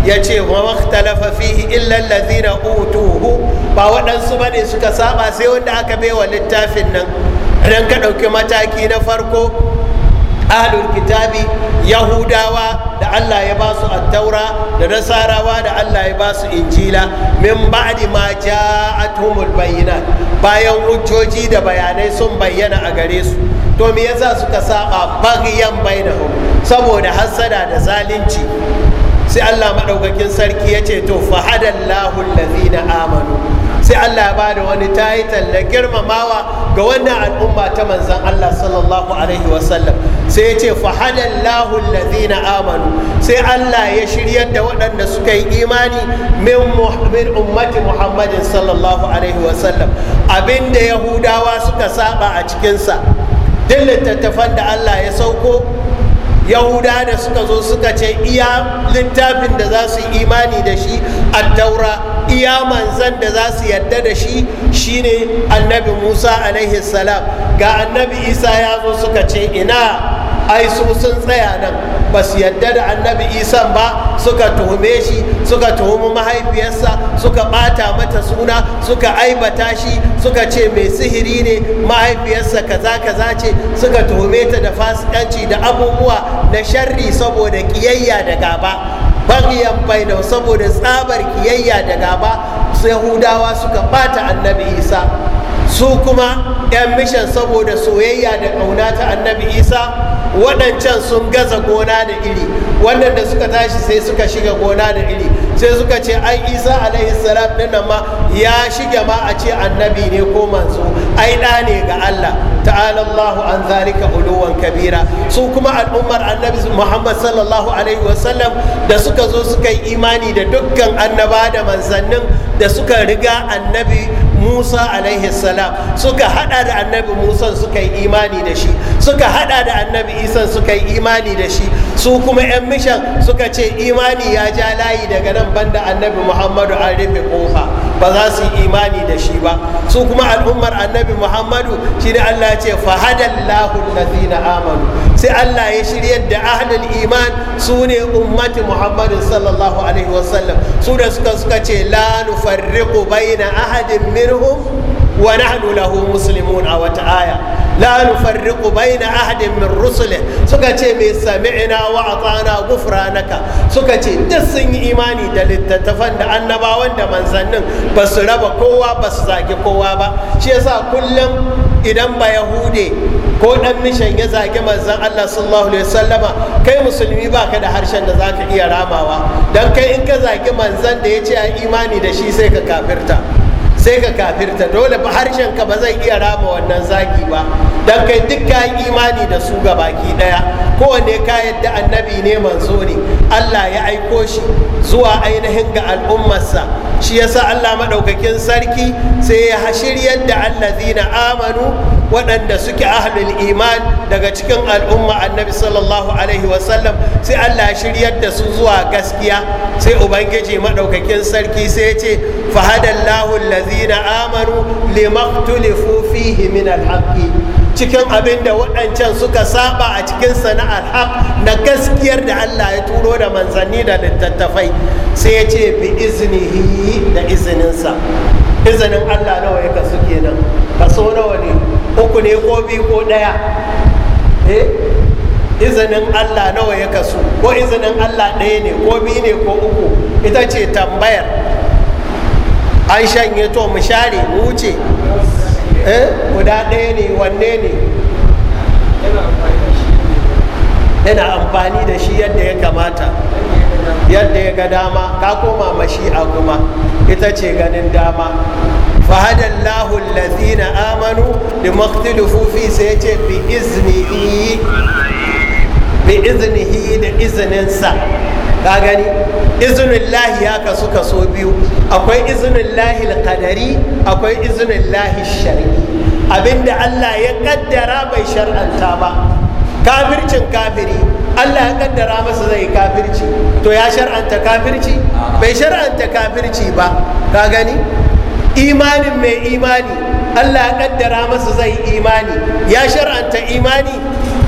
ya ce wa makhtalafa fihi illa allazina utuhu ba waɗansu ba ne suka saba sai wanda aka baiwa littafin nan idan ka ɗauki mataki na farko ahlul kitabi yahudawa da allah ya ba su attaura da nasarawa da allah ya ba su injila min ba'di ma ja'atuhumul bayyinat bayan hujjoji da bayanai sun bayyana a gare su to me yasa suka saba bagiyan bainahum saboda hassada da zalunci sai Allah maɗaukakin sarki ya ce to fahadallahu na amanu sai Allah ya bada wani title na girmamawa ga wannan al'umma ta manzan Allah sallallahu alaihi wasallam sai ya ce fahadallahu na amanu sai Allah ya shiryar da waɗanda suka yi imani min ummati Muhammadin sallallahu alaihi wasallam abinda Yahudawa suka saba a cikinsa duk littattafan da Allah ya sauko yahuda da suka zo suka ce iya littafin da za su imani da shi attaura iya manzan da za su yadda da shi shine annabi musa alaihi salam ga annabi isa ya zo suka ce ina ai su sun tsaya nan ba su yadda da annabi isan ba suka tuhume shi suka tuhumi mahaifiyarsa suka bata mata suna suka aibata shi suka ce mai sihiri ne mahaifiyarsa kaza kaza ce suka tuhume ta da fasikanci da abubuwa na sharri saboda kiyayya da gaba bagiyan bainau saboda tsabar kiyayya da gaba yahudawa suka bata annabi isa su kuma 'yan mishan saboda soyayya da auna ta annabi isa waɗancan sun gaza gona da iri wannan da suka tashi sai suka shiga gona da iri sai suka ce ai isa alaihi salam din nan ma ya shiga ma a ce annabi ne ko manzo ai ɗa ne ga allah ta'ala allahu an zalika uluwan kabira su kuma al'ummar annabi muhammad sallallahu alaihi wasallam da suka zo suka yi imani da dukkan annaba da manzannin da suka riga annabi musa alaihi salam suka hada da annabi musa suka yi imani da shi suka hada da annabi isan suka yi imani da shi su kuma 'yan mishan suka ce imani ya ja layi daga nan banda annabi muhammadu an rufe kofa ba za su yi imani da shi ba su kuma al'ummar annabi muhammadu shi ne allah ce fahadallahu allazina amanu sai allah ya shiryar da ahlul iman su ne ummati muhammadu sallallahu alaihi wasallam su da suka suka ce la nufarriqu baina ahadin minhum wa nahnu lahu muslimun a wata aya la nufarriqu na ahadin min rusuli suka ce mai sami'na wa atana ghufranaka suka ce duk sun yi imani da littattafan da annabawan da manzannin ba su raba kowa ba su zagi kowa ba shi yasa kullum idan ba yahude ko dan mishan ya zagi manzan Allah sallallahu alaihi wasallama kai musulmi baka da harshen da zaka iya ramawa dan kai in ka zagi manzan da ya ce a imani da shi sai ka kafirta sai ka kafirta dole ba harshen ka ba zai iya rama wannan zaki ba don kai duk ka imani da su ga baki daya kowanne ka yadda annabi ne manzo ne Allah ya aiko shi zuwa ainihin ga al'ummarsa shi yasa Allah maɗaukakin sarki sai ya hashiryar da allazina amanu waɗanda suke ahlul iman daga cikin al'umma annabi sallallahu alaihi wasallam sai allah shiryar da su zuwa gaskiya sai ubangiji maɗaukakin sarki sai ce fahadallahu lazina amanu limaktulifu fihi min alhaqi cikin abin da waɗancan suka saba a cikin sana'ar haq na gaskiyar da allah ya turo da manzanni da littattafai sai ya ce bi iznihi da izininsa izinin allah nawa ya kasu kenan kaso nawa ne uku ne ko biyu ko ɗaya eh izinin allah nawa ya kasu ko izinin allah ɗaya ne ko biyu ne ko uku ita ce tambayar an shanye to mu share mu wuce eh guda ɗaya ne wanne ne yana amfani da shi yadda ya kamata yadda ya ga dama ka koma mashi a kuma ita ce ganin dama فهدى الله الذين آمنوا لما اختلفوا فيه سيتي بإذنه بإذنه لإذن سا gani izinin lahi haka suka so biyu akwai izinin lahi kadari akwai izinin lahi shari'i abinda Allah ya bai shar'anta ba kafircin kafiri Allah ya kaddara zai kafirci to ya shar'anta kafirci bai shar'anta kafirci ba ka gani imanin mai imani allah ya kaddara masa zai imani ya shar'anta imani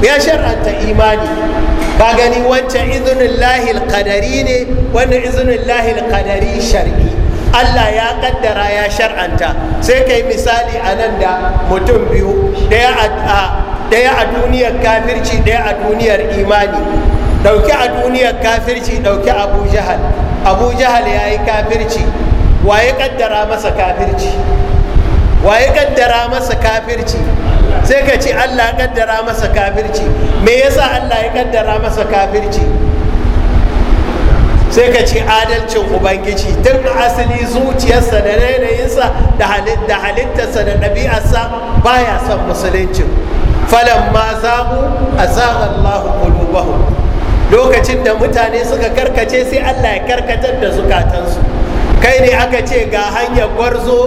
ya shar'anta imani ba gani wancan izinin lahil kadari ne wannan izinin lahil kadari shar'i allah ya kaddara ya shar'anta sai kai misali a nan da mutum biyu ɗaya a duniyar kafirci ɗaya a duniyar imani dauki a duniyar kafirci dauki abu jahal abu jahal ya yi kafirci waye kaddara masa kafirci waye kaddara masa kafirci sai ka ce allah ya kaddara masa kafirci me yasa allah ya kaddara masa kafirci sai ka ci adalcin ubangiji tun asali zuciyarsa da yanayinsa da halittarsa da ɗabi'arsa baya son musulunci falan ma zamu a allahu qulubahum lokacin da mutane suka karkace sai allah ya karkatar da zukatansu kai ne aka ce ga hanyar gwarzo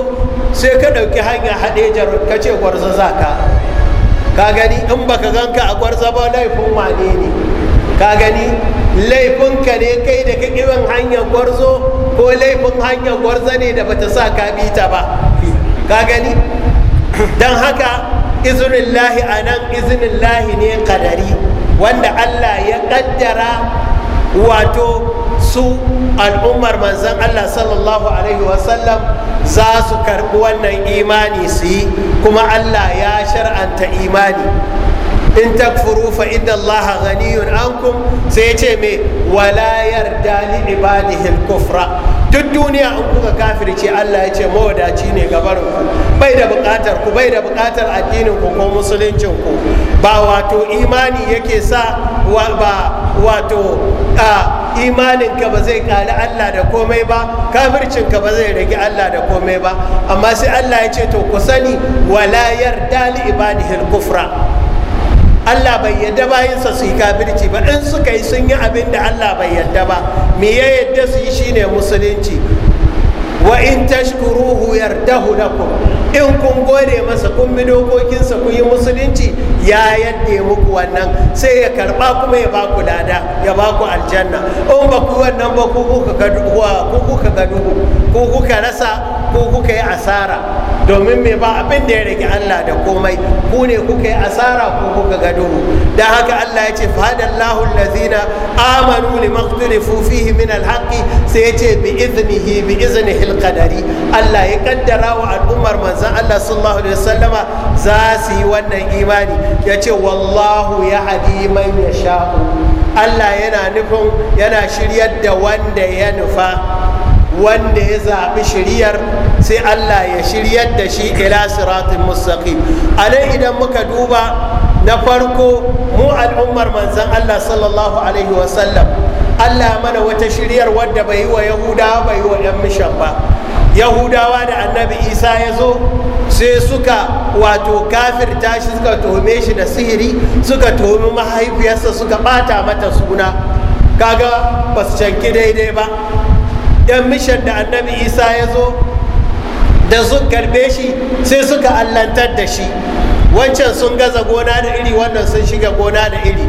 sai ka ɗauki hanyar haɗejar ka ce gwarzo za ka ka gani in baka ganka a gwarzo ba laifin wane ne ka gani ka ne kai da kakirin hanyar gwarzo ko laifin hanyar gwarzo ne da bata sa ka bi ta ba ka gani don haka izinin lahi a nan izinin lahi ne kadari wanda allah ya ƙaddara wato su al'ummar manzan Allah sallallahu alaihi wasallam za su karɓi wannan imani su yi kuma Allah ya shar'anta imani in takfuru fa inda Allah ghaniyun ankum sai ya ce me wala yarda li kufra duk duniya in kuka kafirce Allah ya ce mawadaci ne gabarin ku bai da bukatar ku bai da bukatar addinin ku ko musuluncin ku ba wato imani yake sa ba wato imaninka ba zai kali Allah da komai ba kafircinka ba zai rage Allah da komai ba amma sai Allah ya ce to ku sani wala yarda li ibadihil kufra Allah bai yarda bayinsa su yi kafirci ba in suka yi sun yi abin da Allah bai yarda ba me ya yarda su yi shine musulunci wa in tashkuruhu yardahu lakum in kun gode masa kun bi dokokinsa kun yi musulunci ya yadda muku wannan sai ya karba kuma ya baku dada, ya baku aljanna in ba ku wannan ba ku kuka ga ku kuka rasa ku kuka yi asara domin me ba abin da ya rage Allah da komai ku ne kuka yi asara ko kuka ga duhu dan haka Allah ya ce fadallahu lazina amanu limakturifu fihi min alhaqi sai ya ce bi iznihi bi iznihi alqadari Allah ya kaddara wa al'ummar manzo Allah sallallahu alaihi wasallama za su yi wannan imani ya ce wallahu ya hadi man yasha'u Allah yana nufin yana shiryar da wanda ya nufa wanda ya zaɓi shiriyar sai Allah ya shiryar da shi ila siratin mustaqim nan idan muka duba na farko mu al'ummar manzan Allah sallallahu alaihi wasallam Allah mana wata shiryar wadda bai yi wa Yahudawa bai yi wa 'yan mishan ba Yahudawa da annabi Isa ya zo sai suka wato kafir tashi suka tome shi da sihiri suka tomi mahaifiyarsa suka bata mata suna kaga ba su canki daidai ba 'yan mishan da annabi Isa ya zo da sun karbe shi sai suka allantar da shi wancan sun gaza gona da iri wannan sun shiga gona da iri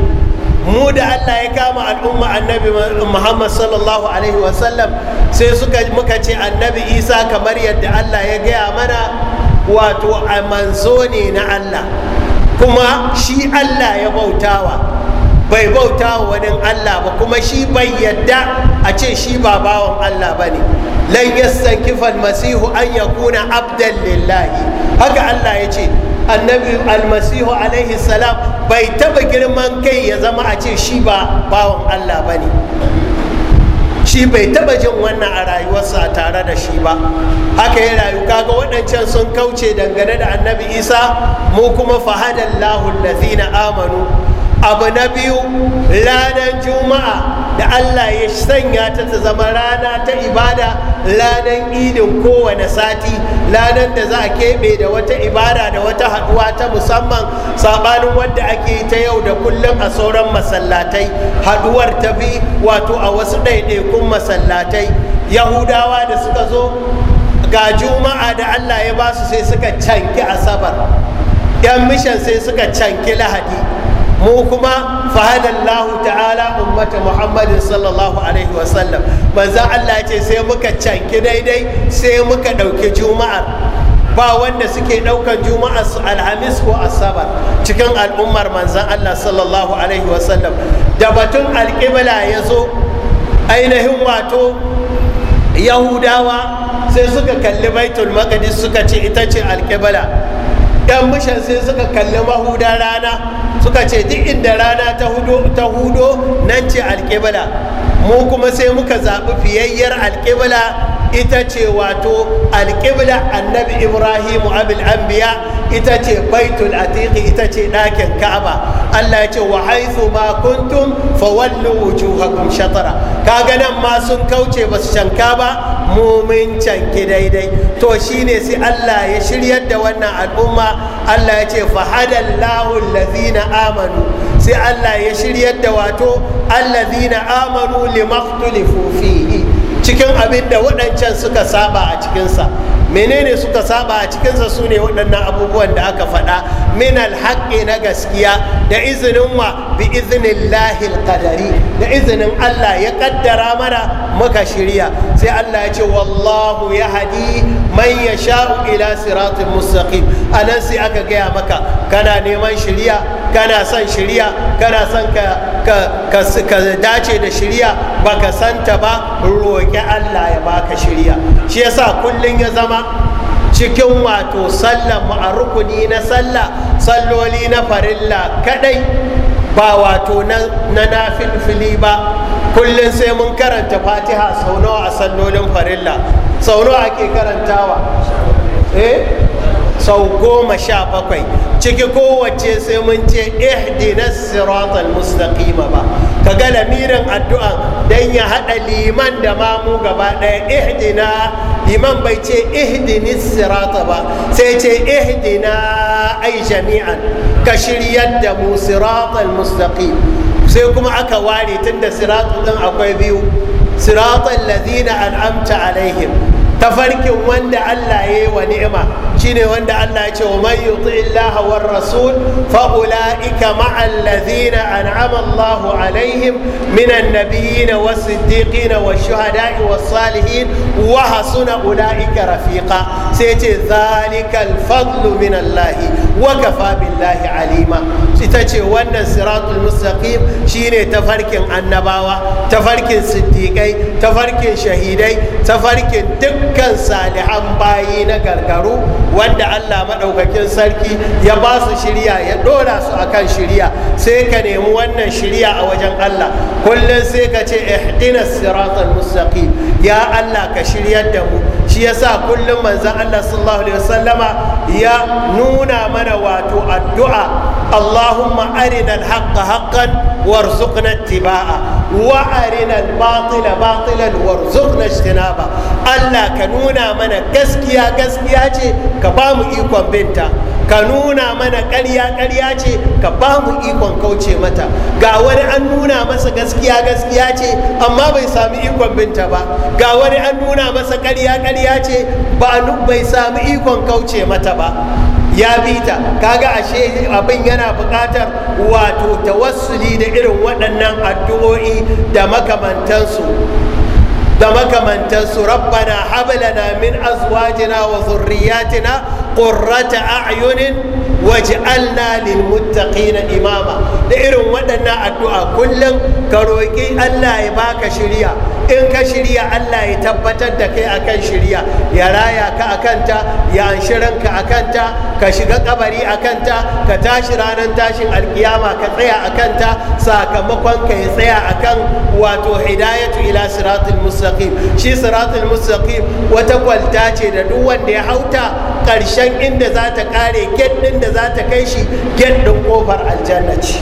mu da allah ya kama al'umma annabi muhammad sallallahu alaihi wasallam sai suka muka ce annabi isa kamar yadda allah ya gaya mana wato a manzo ne na allah kuma shi allah ya bautawa bai bauta wa wani Allah ba kuma shi bai yadda a ce shi ba bawan Allah ba ne lan yastankifa an yakuna abdan lillahi haka Allah ya ce annabi almasihu alaihi salam bai taba girman kai ya zama a ce shi ba bawan Allah ba ne shi bai taba jin wannan a rayuwarsa tare da shi ba haka ya rayu kaga waɗancan sun kauce dangane da annabi isa mu kuma fahadallahu allazina amanu abu na biyu ranar juma'a da allah ya sanya ta ta zama rana ta ibada ranar idin kowane sati ranar da za a keɓe da wata ibada da wata haɗuwa ta musamman saɓanin wadda ake ta yau da kullum a sauran masallatai haɗuwar ta bi wato a wasu ɗaiɗaikun masallatai yahudawa da suka zo ga juma'a da allah ya ba su sai suka canki asabar 'yan mishan sai suka canki lahadi mu kuma fahadallahu ta'ala ummata muhammadin sallallahu alaihi wasallam manzan allah ce sai muka canki daidai sai muka ɗauki juma'ar ba wanda suke ɗaukar juma'ar su alhamis ko asabar cikin al'ummar manzan allah sallallahu alaihi wasallam da batun alƙibla ya zo ainihin wato yahudawa sai suka kalli baitul maqdis suka ce ita ce alƙibla Ɗan mishan sai suka kalli mahudan rana suka ce duk inda rana ta hudo nan ce alƙibla mu kuma sai muka zaɓi fiyayyar alƙibla ita ce wato alƙibla annabi ibrahimu abil anbiya ita ce baitul atiki ita ce ɗakin ka'aba allah ya ce wa haithu ma kuntum fa wallu wujuhakum shatara kaga nan ma sun kauce ba su canka ba mumin canki daidai to shine sai allah ya shiryar da wannan al'umma allah ya ce fa hadallahu allazina amanu sai allah ya shiryar da wato allazina amanu limaktulifu fihi cikin abin da waɗancan suka saba a cikinsa menene suka saba a cikinsa su ne waɗannan abubuwan da aka faɗa min alhaƙi na gaskiya da izinin wa bi izinin lahil kadari da izinin allah ya ƙaddara mana muka shirya sai allah ya ce wallahu ya hadi man sha'u ila siratin mustaqim anan sai aka gaya maka kana neman shiriya kana son shiriya kana son ka dace da shiriya baka santa ba roƙi Allah ya baka shiriya shi yasa kullum ya zama cikin wato sallah mu a rukuni na sallah salloli na farilla kadai ba wato na nafilfili ba kullum sai mun karanta fatiha sau nawa a sallolin farilla sau nawa ake karantawa eh sau goma sha bakwai ciki kowace sai mun ce ihdina siratal mustaqima ba ka ga lamirin addu'a dan ya hada liman da mu gaba daya ihdina liman bai ce ihdinis sirata ba sai ce ihdina ai jami'an ka shiryar da mu siratal mustaqim sai kuma aka ware tunda siratu din akwai biyu siratal ladina an'amta alaihim tafarkin wanda Allah ya yi wa ni'ima shine wanda Allah ya ce wa man yuti Allah war rasul fa ulaika ma'al ladhina an'ama Allahu alaihim minan nabiyyin was siddiqin was shuhada'i was salihin wa hasuna ulaika rafiqa sai ya ce zalikal fadlu min Allah wa kafa billahi alima ita ce wannan siratul mustaqim shine tafarkin annabawa tafarkin siddiqai tafarkin shahidai tafarkin dukkan salihan bayi na gargaru wanda Allah maɗaukakin sarki ya ba su shirya ya ɗora su akan shirya sai ka nemi wannan shirya a wajen Allah kullum sai ka ce ihdina siratal mustaqim ya Allah ka shiryar da mu shi yasa kullum manzon Allah sallallahu alaihi wasallama ya nuna mana wato addu'a Allahumma arina al-haqqa haqqan warzuqna وأرنا الباطل باطلا وارزقنا اجتنابه الله Allah ka nuna mana gaskiya إيقوان بنتا ka bamu ikon binta. Ka nuna mana ƙarya ƙarya ce ka bamu ikon kauce mata ga wani an nuna masa gaskiya gaskiya ce amma bai sami ikon binta ba ga wani an nuna masa ƙarya ƙarya ce ba bai sami ikon kauce mata ba ya bi ta kaga ashe abin yana buƙatar wato tawassuli da irin waɗannan addu'o'i da makamantansu da makamantansu rabbana hablana min azwajina wa zurriyatina qurrata a'yunin waj'alna lil muttaqina imama da irin waɗannan addu'a kullum ka roƙi Allah ya baka shirya. in ka shirya Allah ya tabbatar da kai akan shirya ya raya ka akanta ya anshi ranka akanta ka shiga kabari akanta ka tashi ranar tashin alkiyama ka tsaya akanta sakamakon ka ya tsaya akan wato hidayatu ila siratul mustaqim shi siratul mustaqim wata kwalta ce da duk wanda ya hauta Karshen inda za ta ƙare get ɗin da za ta kai shi get ɗin ƙofar aljanna ce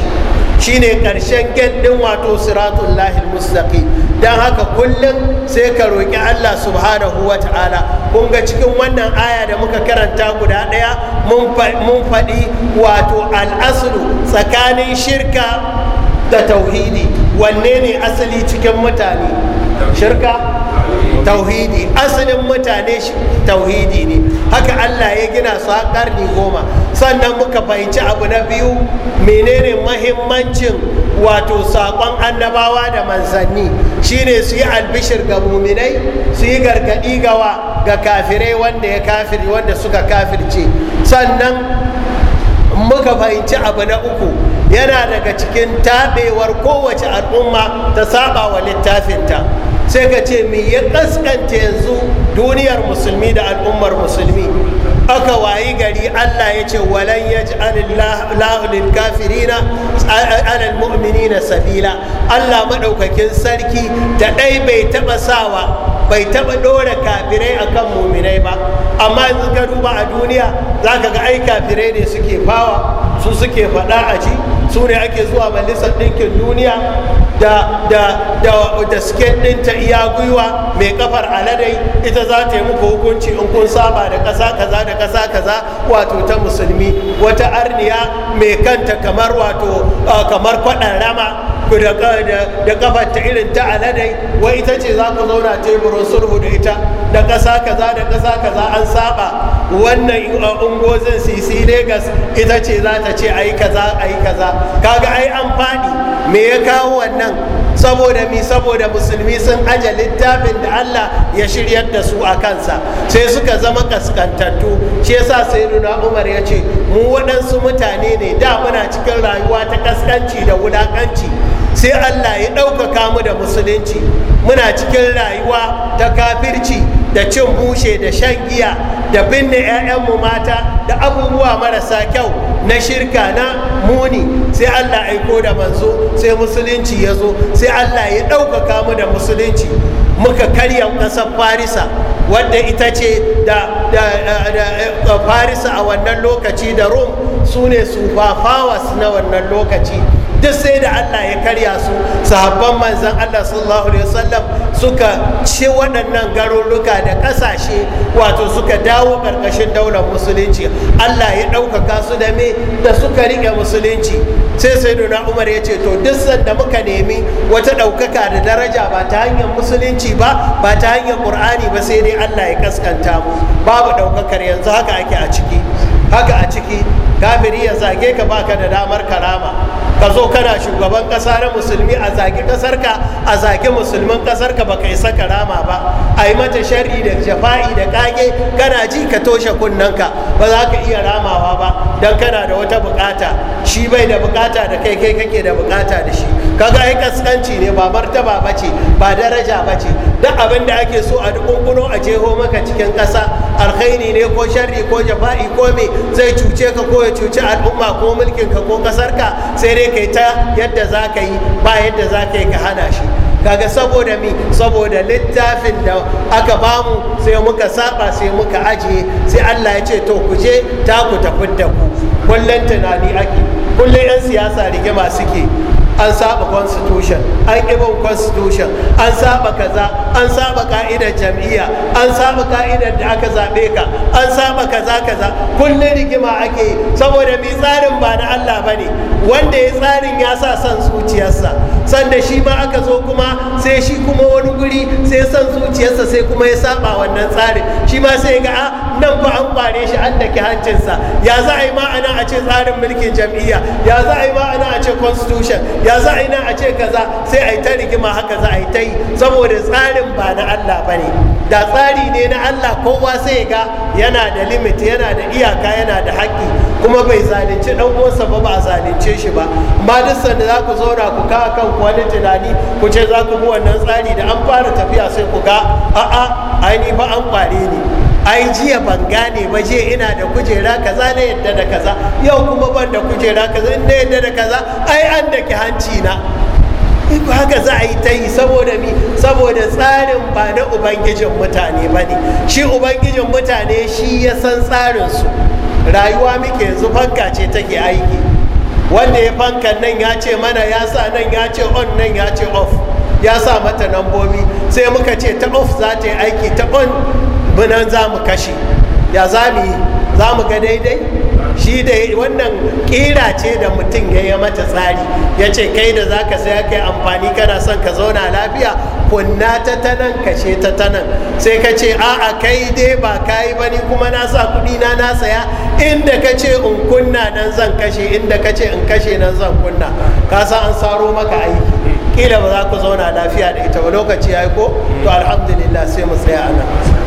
shine ƙarshen get ɗin wato siratun lahil mustaqim don haka kullum sai ka roƙi allah subhanahu wa ta'ala kun ga cikin wannan aya da muka karanta guda ɗaya mun faɗi wato al'asulu tsakanin shirka da tauhidi wanne ne asali cikin mutane shirka tauhidi asalin mutane shi tauhidi ne haka Allah ya gina su har karni goma sannan muka fahimci abu na biyu menene mahimmancin wato saƙon annabawa da manzanni shine su yi albishir ga muminai su yi gargaɗi gawa ga kafirai wanda ya kafir wanda suka kafirce sannan muka fahimci abu na uku yana daga cikin taɓewar kowace al'umma ta saba wa littafinta sai ka ce me ya kaskanta yanzu duniyar musulmi da al'ummar musulmi aka wayi gari allah ya ce walan ya ji alil kafirina alal mu'minina sabila allah maɗaukakin sarki da ɗai bai taɓa sawa bai taɓa ɗora kafirai akan muminai ba amma yanzu ka duba a duniya za ka ga ai kafirai ne suke fawa su suke faɗa a ji su ne ake zuwa majalisar ɗinkin duniya da da da siket ɗinta iya gwiwa mai kafar aladai ita za ta yi muku hukunci in kun saba da ƙasa kaza da ƙasa kaza wato ta musulmi wata arniya mai kanta kamar wato kamar kwaɗan rama da kafarta irin ta aladai wai ita ce za ku zauna teburin sulhu da ita da ƙasa kaza da ƙasa kaza an saba wannan ungozin sisi Legas ita ce za ta ce yi kaza yi kaza kaga ai an faɗi me ya kawo wannan saboda mi saboda musulmi sun aje littafin da Allah ya shiryar da su a kansa sai suka zama kaskantattu shi yasa nuna Umar ya ce mu waɗansu mutane ne da muna cikin rayuwa ta kaskanci da wulakanci sai allah ya ɗaukaka mu da musulunci muna cikin rayuwa ta kafirci da cin bushe da shan giya da binne 'ya'yanmu mata da abubuwa marasa kyau na shirka na muni sai allah aiko da manzo sai musulunci ya zo sai allah ya ɗaukaka mu da musulunci muka karya ƙasar farisa wadda ita ce da, farisa a wannan lokaci da rom su ne su na wannan lokaci duk sai da Allah ya karya su sahabban manzan Allah sallallahu alaihi wasallam suka ci waɗannan garuruka da ƙasashe wato suka dawo ƙarƙashin daular musulunci Allah ya ɗaukaka su da me da suka riƙe musulunci sai sai nuna umar ya ce to duk sanda muka nemi wata ɗaukaka da daraja ba ta hanyar musulunci ba ba ta hanyar ƙur'ani ba sai dai Allah ya kaskanta mu babu ɗaukakar yanzu haka ake a ciki haka a ciki kafiri ya zage ka baka da damar karama ka zo kana shugaban kasa na musulmi a zagi kasar ka a zagi musulmin kasar ka baka isa karama ba a yi mata sharri da jafa'i da kage kana ji ka toshe kunnen ka ba za ka iya ramawa ba dan kana da wata bukata shi bai da bukata da kai kai kake da bukata da shi kaga ai kaskanci ne ba martaba ba ce ba daraja ba ce duk abin da ake so a dukunkuno a jeho maka cikin ƙasa alkhairi ne ko sharri ko jafa'i ko me zai cuce ka ko ya cuci al'umma ko mulkin ka ko kasar ka sai dai kai ta yadda za ka yi ba yadda za ka yi ka hana shi kaga saboda mi saboda littafin da aka bamu sai muka saba sai muka ajiye sai Allah ya ce to ku je ta ku tafi da ku kullun tunani ake kullun yan siyasa rigima suke an saba constitution an ibin constitution an saba kaza an saba ka'idar jam'iyya an saba ka'idar da aka zaɓe ka an saba kaza kaza kullum rigima ake yi saboda mai tsarin ba na Allah ba ne wanda ya tsarin ya sa son zuciyarsa sanda shi ma aka zo kuma sai shi kuma wani guri sai son zuciyarsa sai kuma ya saba wannan tsarin shi ma sai ga a ah, nan ba an bare shi an daki hancinsa ya za a yi ma a ce tsarin mulkin jam'iyya ya za a yi ma a ce constitution ya za a yi na a ce kaza sai a yi ta rigima haka za a yi ta yi saboda tsarin ba na Allah ba ne da tsari ne na Allah kowa sai ga yana da limit yana da iyaka yana da haƙƙi kuma bai zalunci dan uwansa ba ba a zalunce shi ba ma duk sanda za ku zauna ku kawo kan wani tunani ku ce za ku bi wannan tsari da an fara tafiya sai ku ga a'a aini ba an kware ne ai jiya ban gane ba je ina da kujera kaza na yadda da kaza yau kuma ban da kujera kaza na yadda da kaza ai an da ki hanci na ba haka za a yi ta yi saboda mi saboda tsarin ba na ubangijin mutane ba ne shi ubangijin mutane shi ya san tsarin su rayuwa muke yanzu fanka ce take aiki wanda ya fankan nan ya ce mana ya sa nan ya ce on nan ya ce off ya sa mata lambobi sai muka ce ta off za ta yi aiki ta on binan za mu kashe ya za mu yi za mu ga daidai shi da wannan kira ce da mutum ya yi mata tsari ya ce kai da za ka sai ya kai amfani kana son ka zauna lafiya kunna ta tanan kashe ta tanan sai ka ce a'a kai dai ba ka yi ni kuma na sa kuɗi na na saya inda ka ce in kunna nan zan kashe inda ka ce in kashe nan zan kunna ka san an saro maka aiki kila ba za ku zauna lafiya da ita ba lokaci ya yi ko to alhamdulillah sai mu tsaya a